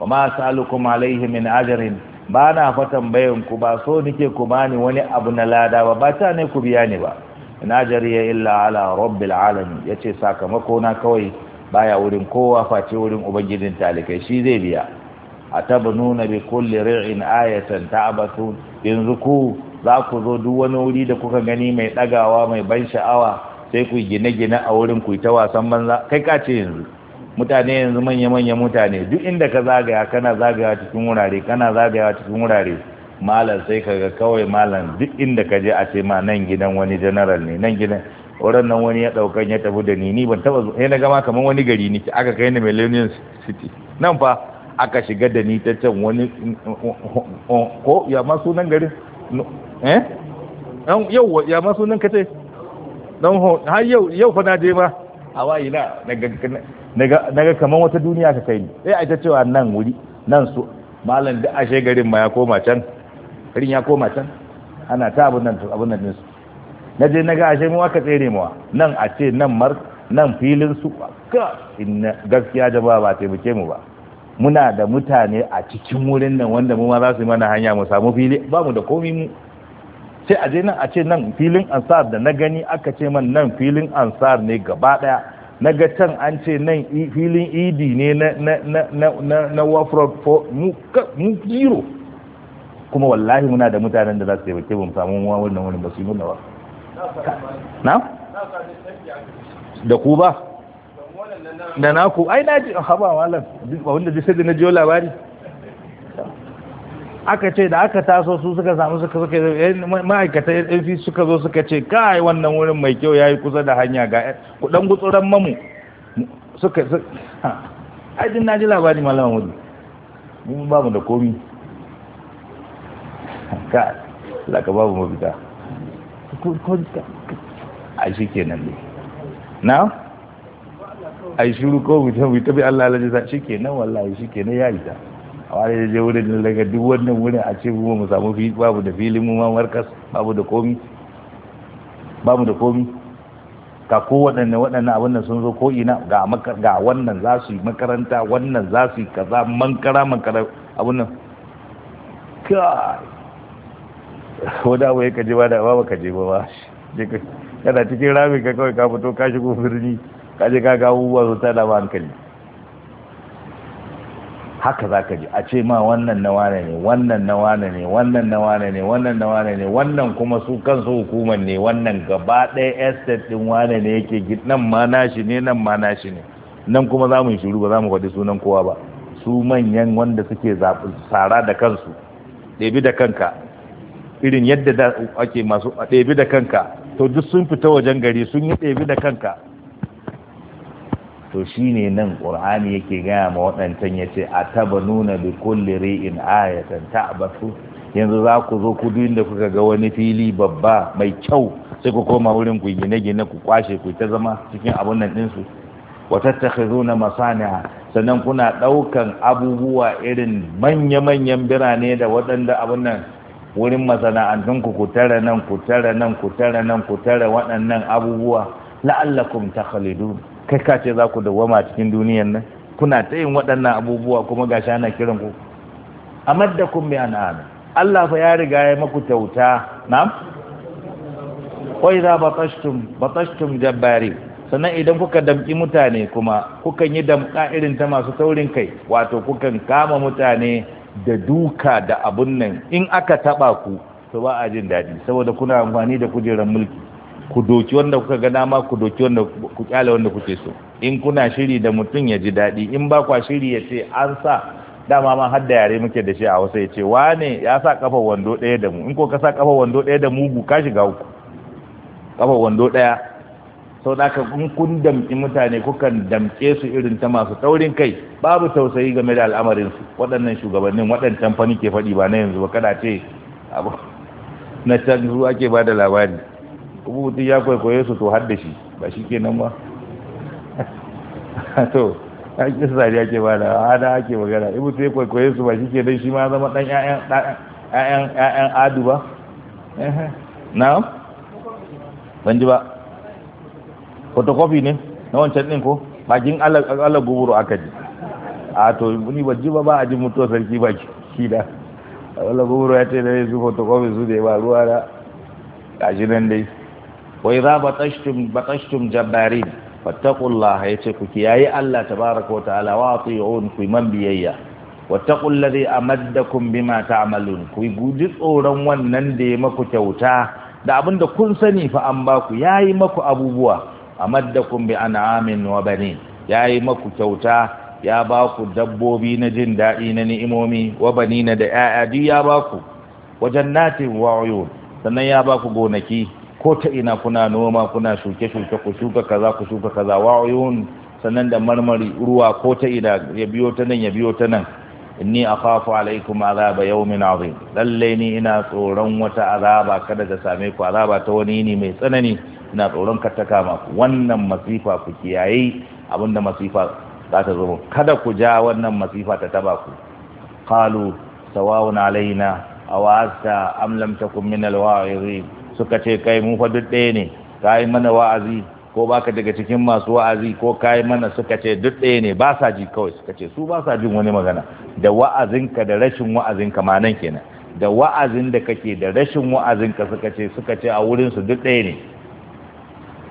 wa ma salukum alaihi min ajrin ba na fa tambayan ku ba so nike ku bani wani abu na lada ba ba ta ne ku biya ni ba in ajri illa ala rabbil alamin yace sakamako na kawai baya wurin kowa face wurin ubangijin talikai shi zai biya atabnuna bi kulli ri'in ayatan ta'basun yanzu ku za ku zo duk wani wuri da kuka gani mai ɗagawa mai ban sha'awa sai ku gine-gine a wurin ku ta wasan banza kai ka ce yanzu mutane yanzu manya-manya mutane duk inda ka zagaya kana zagaya cikin wurare kana zagaya cikin wurare malam sai kaga kawai malam duk inda ka je a ce ma nan gidan wani general ne nan gidan wurin nan wani ya ɗaukan ya tafi da ni ni ban taɓa zuwa na gama kamar wani gari ni aka kai ni millennium city nan fa aka shiga da ni ta can wani ko ya ma sunan garin eh yau ya ma yau fa na je ma a wayi na daga kaman wata duniya ka kai ni eh, nan wuri nan su malam da ashe garin ya koma can ana ta abun nan abun su na je na ga ashe mu aka tsere mu nan a ce nan mar nan filin su ka inna gaskiya da ba ba taimake mu ba muna da mutane a cikin wurin nan wanda mu ma za su yi mana hanya mu samu fili ba mu da komi mu sai a je nan a ce nan filin ansar da na gani aka ce man nan filin ansar ne gaba daya na ga can an ce nan filin idi ne na na na na na mu mu jiro kuma wallahi muna da mutanen da za su taimake mu samu wannan wurin ba su yi nuna ba na da ku ba da naku ai na ji haba malam wanda ji sai da na labari aka ce da aka taso su suka samu suka suka eh, ma'aikatan NC suka zo suka ce kai wannan wurin mai kyau yayi kusa da hanya ga kudan gutsuran mamu suka ajin na ji labari malam wuri mun ba mu da komi ka laka babu mafita a shi kenan ne na a yi shiru ko mu bai tafi Allah ya sa shi kenan wallahi shi kenan ya ta a wani da je wurin daga duk wannan wurin a ce mu mu samu fili babu da filin mu ma markas babu da komi babu da komi ka ko waɗanne waɗannan abin nan sun zo ko ina ga ga wannan za su yi makaranta wannan za su yi kaza mankara mankara abin nan kai wanda abu ya kaje ba da ba ka je ba ba kana cikin rami ka kawai ka fito ka shigo birni kaje ka ga abubuwa su tada ba hankali haka za ka ji a ce ma wannan na wane ne wannan na wane ne wannan na wane ne wannan na wane ne wannan kuma su kansu hukumar ne wannan gaba ɗaya estate ɗin wane ne yake nan ma nashi ne nan ma nashi ne nan kuma za mu yi shiru ba za mu faɗi sunan kowa ba su manyan wanda suke tsara da kansu ɗebi da kanka irin yadda ake masu ɗebi da kanka to duk sun fita wajen gari sun yi ɗebi da kanka to ne nan ƙur'ani yake gaya ma waɗancan yace nuna bi kulle ri'in ayatan basu, yanzu za ku zo ku da kuka ga wani fili babba mai kyau sai ku koma wurin ku gine-gine ku kwashe ku ta zama cikin abun nan ɗinsu wata ta na masaniya sannan kuna ɗaukan abubuwa irin manya-manyan birane da waɗanda abun nan wurin masana'antun ku ku tara nan ku tara nan ku tara nan ku tara waɗannan abubuwa la'allakum takhalidun kai ka ce za ku dawwama cikin duniyan nan kuna ta yin waɗannan abubuwa kuma ga ana kiran ku amaddakum bi an'am Allah fa ya riga ya maku kyauta na'am wa za batashtum batashtum jabbari sannan idan kuka damki mutane kuma kuka yi damka irin ta masu saurin kai wato kukan kama mutane da duka da abun nan in aka taba ku to ba a jin daɗi saboda kuna amfani da kujerar mulki ku doki wanda kuka ga dama ku doki wanda ku kyale wanda kuke so in kuna shiri da mutum ya ji daɗi in ba kwa shiri ya ce an sa dama ma har da yare muke da shi a wasu ya ce wane ya sa kafa wando ɗaya da mu in ko ka sa kafa wando ɗaya da gu ka shiga uku kafa wando ɗaya sau da ka kun damƙi mutane kukan damƙe su irin ta masu taurin kai babu tausayi game da al'amarin su waɗannan shugabannin waɗancan fani ke faɗi ba na yanzu ba kada ce na can zuwa ake ba da labari kuma ya kwaikwaye su to har da shi ba shi kenan ba to an kisa sariya ke ba da hada ake magana in mutum ya kwaikwaye su ba shi ke dai shi ma zama dan ƴaƴan adu ba na ban ji ba photocopy ne na wancan ɗin ko bakin ala guburu aka ji a to ni ban ji ba ba a ji mutuwa sarki ba ki da ala guburu ya ce da su photocopy su da ba ruwa da gashi nan dai wa idza batashtum batashtum jabbarin fattaqullaha yace ku kiyaye Allah tabaaraka wa ta'ala wa ati'un ku man biyayya wattaqul ladhi amaddakum bima ta'malun ku guji tsoron wannan da ya maku kyauta da abinda kun sani fa an ba ku yayi maku abubuwa amaddakum bi an'amin wa banin yayi maku kyauta ya ba ku dabbobi na jin daɗi na ni'imomi wa banina da 'ya'ya ya ba ku wa jannatin wa sannan ya ba ku gonaki ko ta ina kuna noma kuna shuke-shuke ku shuka kaza ku shuka kaza wa'uyun sannan da marmari ruwa ko ta ina ya biyo ta nan ya biyo ta nan inni akhafu alaikum azaba yawmin azim lalle ni ina tsoron wata azaba kada ta same ku azaba ta wani ne mai tsanani ina tsoron ka ta kama ku wannan masifa ku kiyaye abinda masifa za ta zo kada ku ja wannan masifa ta taba ku qalu sawa'un alaina awasta am lam takun min alwa'izin suka ce kai mu fa duk ɗaya ne ka yi mana wa'azi ko baka daga cikin masu wa'azi ko ka yi mana suka ce duk ɗaya ne ba sa ji kawai suka ce su ba sa jin wani magana da wa'azinka da rashin wa'azinka ma nan kenan da wa'azin da kake da rashin wa'azinka suka ce suka ce a wurin su duk ɗaya ne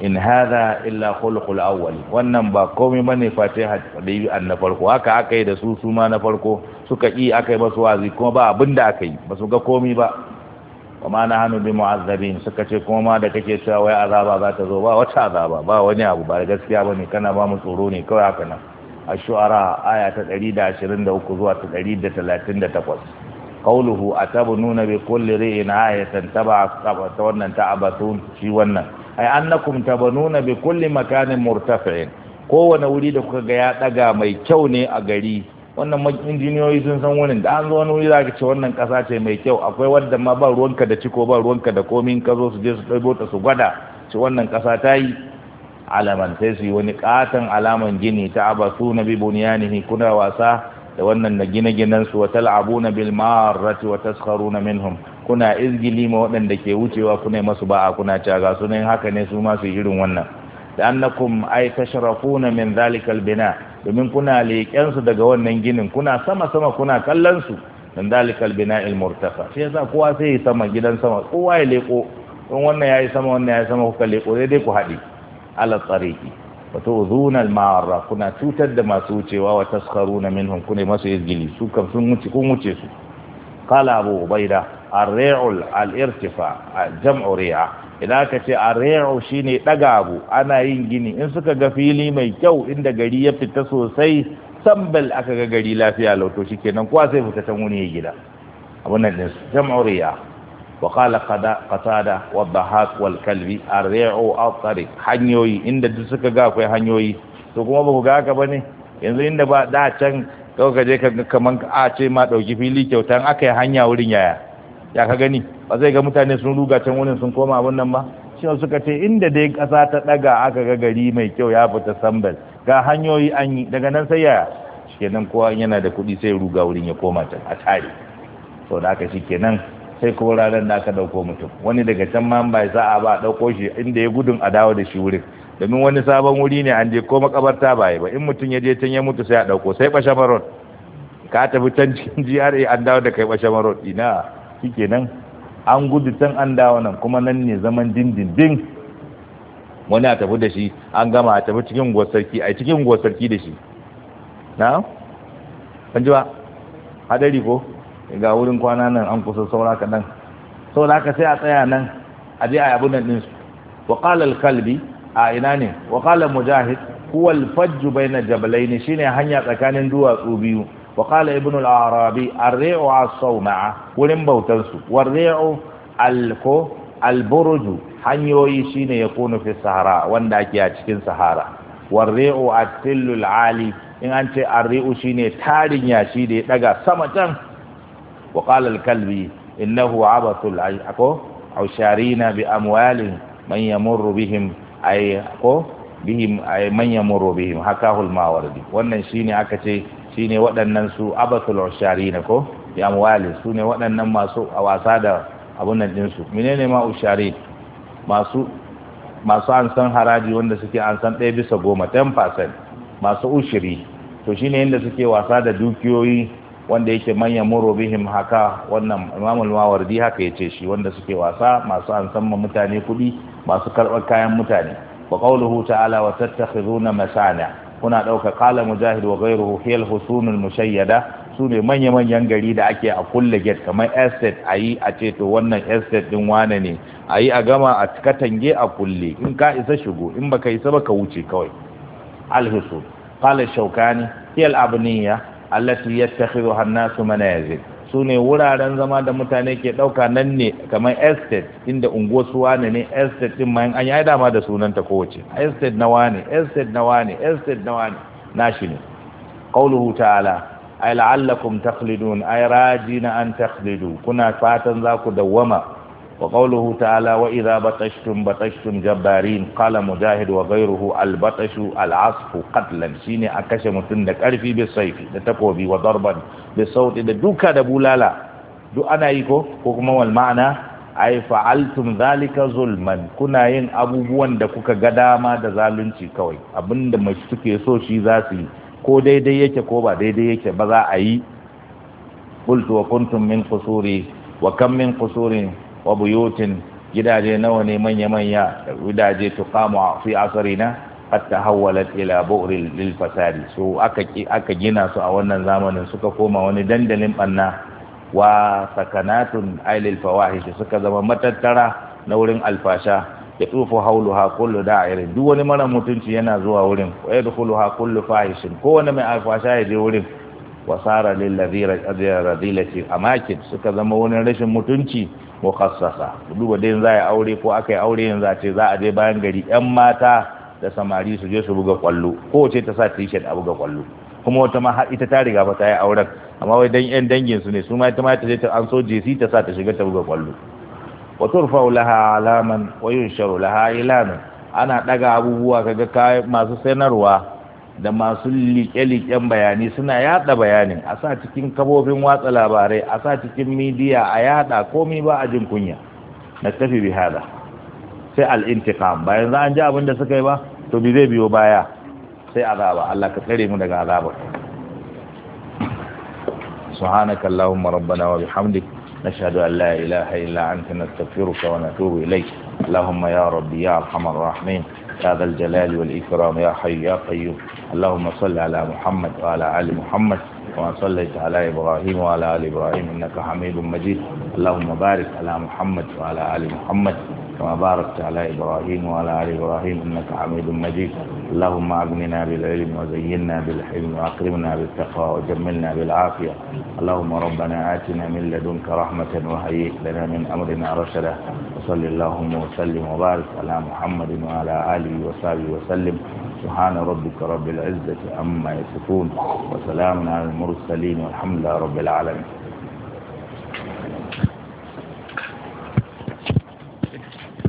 in hada illa khulqul awwal wannan ba komai bane face hadisi an na farko haka aka yi da su su ma na farko suka yi aka yi masu wa'azi kuma ba abinda aka yi ba su ga komai ba kuma na hannu bi mu'azzabin suka ce kuma ma da kake cewa wai azaba za ta zo ba wata azaba ba wani abu ba gaskiya ba ne. kana ba mu tsoro ne kawai haka nan A shuara aya ta 123 zuwa ta 138 qawluhu atabununa bi kulli ri'in ayatan tab'a ta wannan ta'abatun shi wannan ay annakum nuna bi kulli makanin murtafi'in kowane wuri da kuka ga ya daga mai kyau ne a gari wannan injiniyoyi sun san wani da an zo wani wuri zaka ce wannan kasa ce mai kyau akwai wadda ma ba ruwanka da ciko ba ruwanka da komin ka zo su je su ɗaibo ta su gwada ce wannan kasa ta yi alaman sai su yi wani katon alaman gini ta abasu na bi buniyanihi kuna wasa da wannan da gine-ginen su wata la'abu na bil ma'arrati wa taskharu na minhum kuna izgili ma waɗanda ke wucewa kuna masu ba'a kuna caga su ne haka ne su ma irin wannan da annakum ay tashrafuna min zalikal bina domin kuna leƙensu daga wannan ginin kuna sama-sama kuna kallonsu don dalikal bina'il murtafa shi yasa kowa sai yi sama gidan sama kowa ya leƙo don wannan ya yi sama wannan ya yi sama kuka leƙo sai dai ku haɗi ala tsariki wato zunal ma'arra kuna cutar da masu wucewa wa taskaru na minhum kuna masu izgili su kam sun wuce kun wuce su kala abu ubaida arri'ul al-irtifa jam'u ri'a idan aka ce arri'u shine daga abu ana yin gini in suka ga fili mai kyau inda gari ya fita sosai sambal aka ga gari lafiya lauto shikenan kowa sai fita can wani ya gida abun nan din jam'u ri'a wa qala qatada wa dhahak wal kalbi arri'u aqari hanyoyi inda duk suka ga akwai hanyoyi to kuma ba ku ga haka bane yanzu inda ba da can kawai ka je ka kaman a ce ma dauki fili kyautan aka yi hanya wurin yaya ya ka gani ba zai ga mutane sun ruga can wurin sun koma wannan ba shi suka ce inda dai kasa ta ɗaga aka ga gari mai kyau ya fita sambal ga hanyoyi an yi daga nan sai ya kenan kowa yana da kuɗi sai ruga wurin ya koma can a tare to da aka shi kenan sai kuma ranar da aka ɗauko mutum wani daga can ma bai sa'a ba dauko shi inda ya gudun a dawo da shi wurin domin wani sabon wuri ne an je ko makabarta ba ba in mutum ya je can ya mutu sai a ɗauko sai ɓashe maron ka tafi can cikin GRA an dawo da kai ɓashe maron ina nan an gudu can an dawo nan kuma nan ne zaman dindindin wani a tafi da shi an gama a tafi cikin sarki a cikin sarki da shi na kan ji ba hadari ko ga wurin kwana nan an kusa saura nan sauraka sai a tsaya nan a je a yabu nan din su wa qala al kalbi a ina ne wa qala mujahid huwa al fajj bayna jabalaini shine hanya tsakanin duwatsu biyu Waƙala ibn al-arabi ar-ri'u wurin bautar su war alko al hanyoyi shi ne hanyoyi shine ya kunu fi sahara wanda ake a cikin sahara wa riu a tillu ali in an ce ar shi shine tarin yashi da ya daga sama can wa qala al-kalbi innahu a ako ausharina bi amwalin manyan murru bihim ay ko bihim ay man yamurru bihim hulmawar bi wannan shine aka ce ne waɗannan su abasul ushari ne ko ya amwali su ne waɗannan masu a wasa da abun nan din su ma ushari masu masu an san haraji wanda suke an san ɗaya bisa goma 10% masu ushiri to shine inda suke wasa da dukiyoyi wanda yake manyan muro bihim haka wannan imamul mawardi haka ya ce shi wanda suke wasa masu an san mutane kuɗi masu karɓar kayan mutane wa qawluhu ta'ala wa tattakhizuna masana kuna ɗauka kala mujahid wa gairu hiyal husunul mushayyada su ne manya-manyan gari da ake a kulle gate kamar estate a yi a ceto wannan estate din wane ne a yi a gama a katange a kulle in ka isa shigo in baka isa ba ka wuce kawai alhusun kala shaukani hiyal abniya allati yattakhidhuha an mana manazil su ne wuraren zama da mutane ke ɗauka nan ne kamar estate inda unguwa ne ne estate ɗin ma an yi dama da sunanta kowace estate na wane estate na wane estate na wane nashi ne qauluhu ta'ala ay la'allakum takhlidun ay rajina an takhlidu kuna fatan za ku dawwama وقوله تعالى وإذا بطشتم بطشتم جبارين قال مجاهد وغيره البطش العصف قتلا سيني أكش متندك أرفي بالصيف نتقو بي وضربا بالصوت إذا دو دوكا دبولالا دو أنا يكو كما والمعنى أي فعلتم ذلك ظلما كنا ين أبوبوان دا كوكا قداما دا ظالنشي كوي أبن دا مشتكي سوشي ذاسي ko daidai دي ko ba daidai yake دي za a yi qultu wa kuntum min qusuri wa kam min wa buyutin gidaje nawa ne manya-manya da gidaje tuqamu fi asrina hatta hawwalat ila bu'ril lil fasadi so aka aka gina su a wannan zamanin suka koma wani dandalin banna wa sakanatun ailil fawahish suka zama matattara na wurin alfasha ya tsufu hauluha kullu da'irin duk wani mara mutunci yana zuwa wurin wa yadkhuluha kullu fahishin wani mai alfasha ya je wurin wasara lillazi radilati amakin suka zama wani rashin mutunci mukhassasa duba da za a aure ko aka yi aure yanzu a ce za a je bayan gari yan mata da samari su je su buga kwallo kowace ta sa t-shirt a buga kwallo kuma wata ma ita ta riga fa ta yi auren amma wai dan yan dangin su ne su ma ita ma ta je ta an so JC ta sa ta shiga ta buga kwallo wa turfa laha alaman wa yunsharu laha ilana ana daga abubuwa kaga masu sanarwa da masu liƙe-liƙen bayani suna yada bayanin a sa cikin kafofin watsa labarai a sa cikin midiya a yada komi ba a jin kunya na tafi bi hada sai al'intikam bayan za an ji abin da suka yi ba to bi zai biyo baya sai azaba Allah ka tsare mu daga azabar subhanaka allahumma rabbana wa bihamdik nashhadu an la ilaha illa anta nastaghfiruka wa natubu ilayk allahumma ya rabbi ya arhamar rahimin يا ذا الجلال والإكرام يا حي يا قيوم اللهم صل على محمد وعلى آل محمد كما صليت على إبراهيم وعلى آل إبراهيم إنك حميد مجيد اللهم بارك على محمد وعلى آل محمد كما باركت على إبراهيم وعلى آل إبراهيم إنك حميد مجيد اللهم أغننا بالعلم وزينا بالحلم وأكرمنا بالتقوى وجملنا بالعافية اللهم ربنا آتنا من لدنك رحمة وهيئ لنا من أمرنا رشدا وصل اللهم وسلم وبارك على محمد وعلى آله وصحبه وسلم سبحان ربك رب العزة عما يصفون وسلام على المرسلين والحمد لله رب العالمين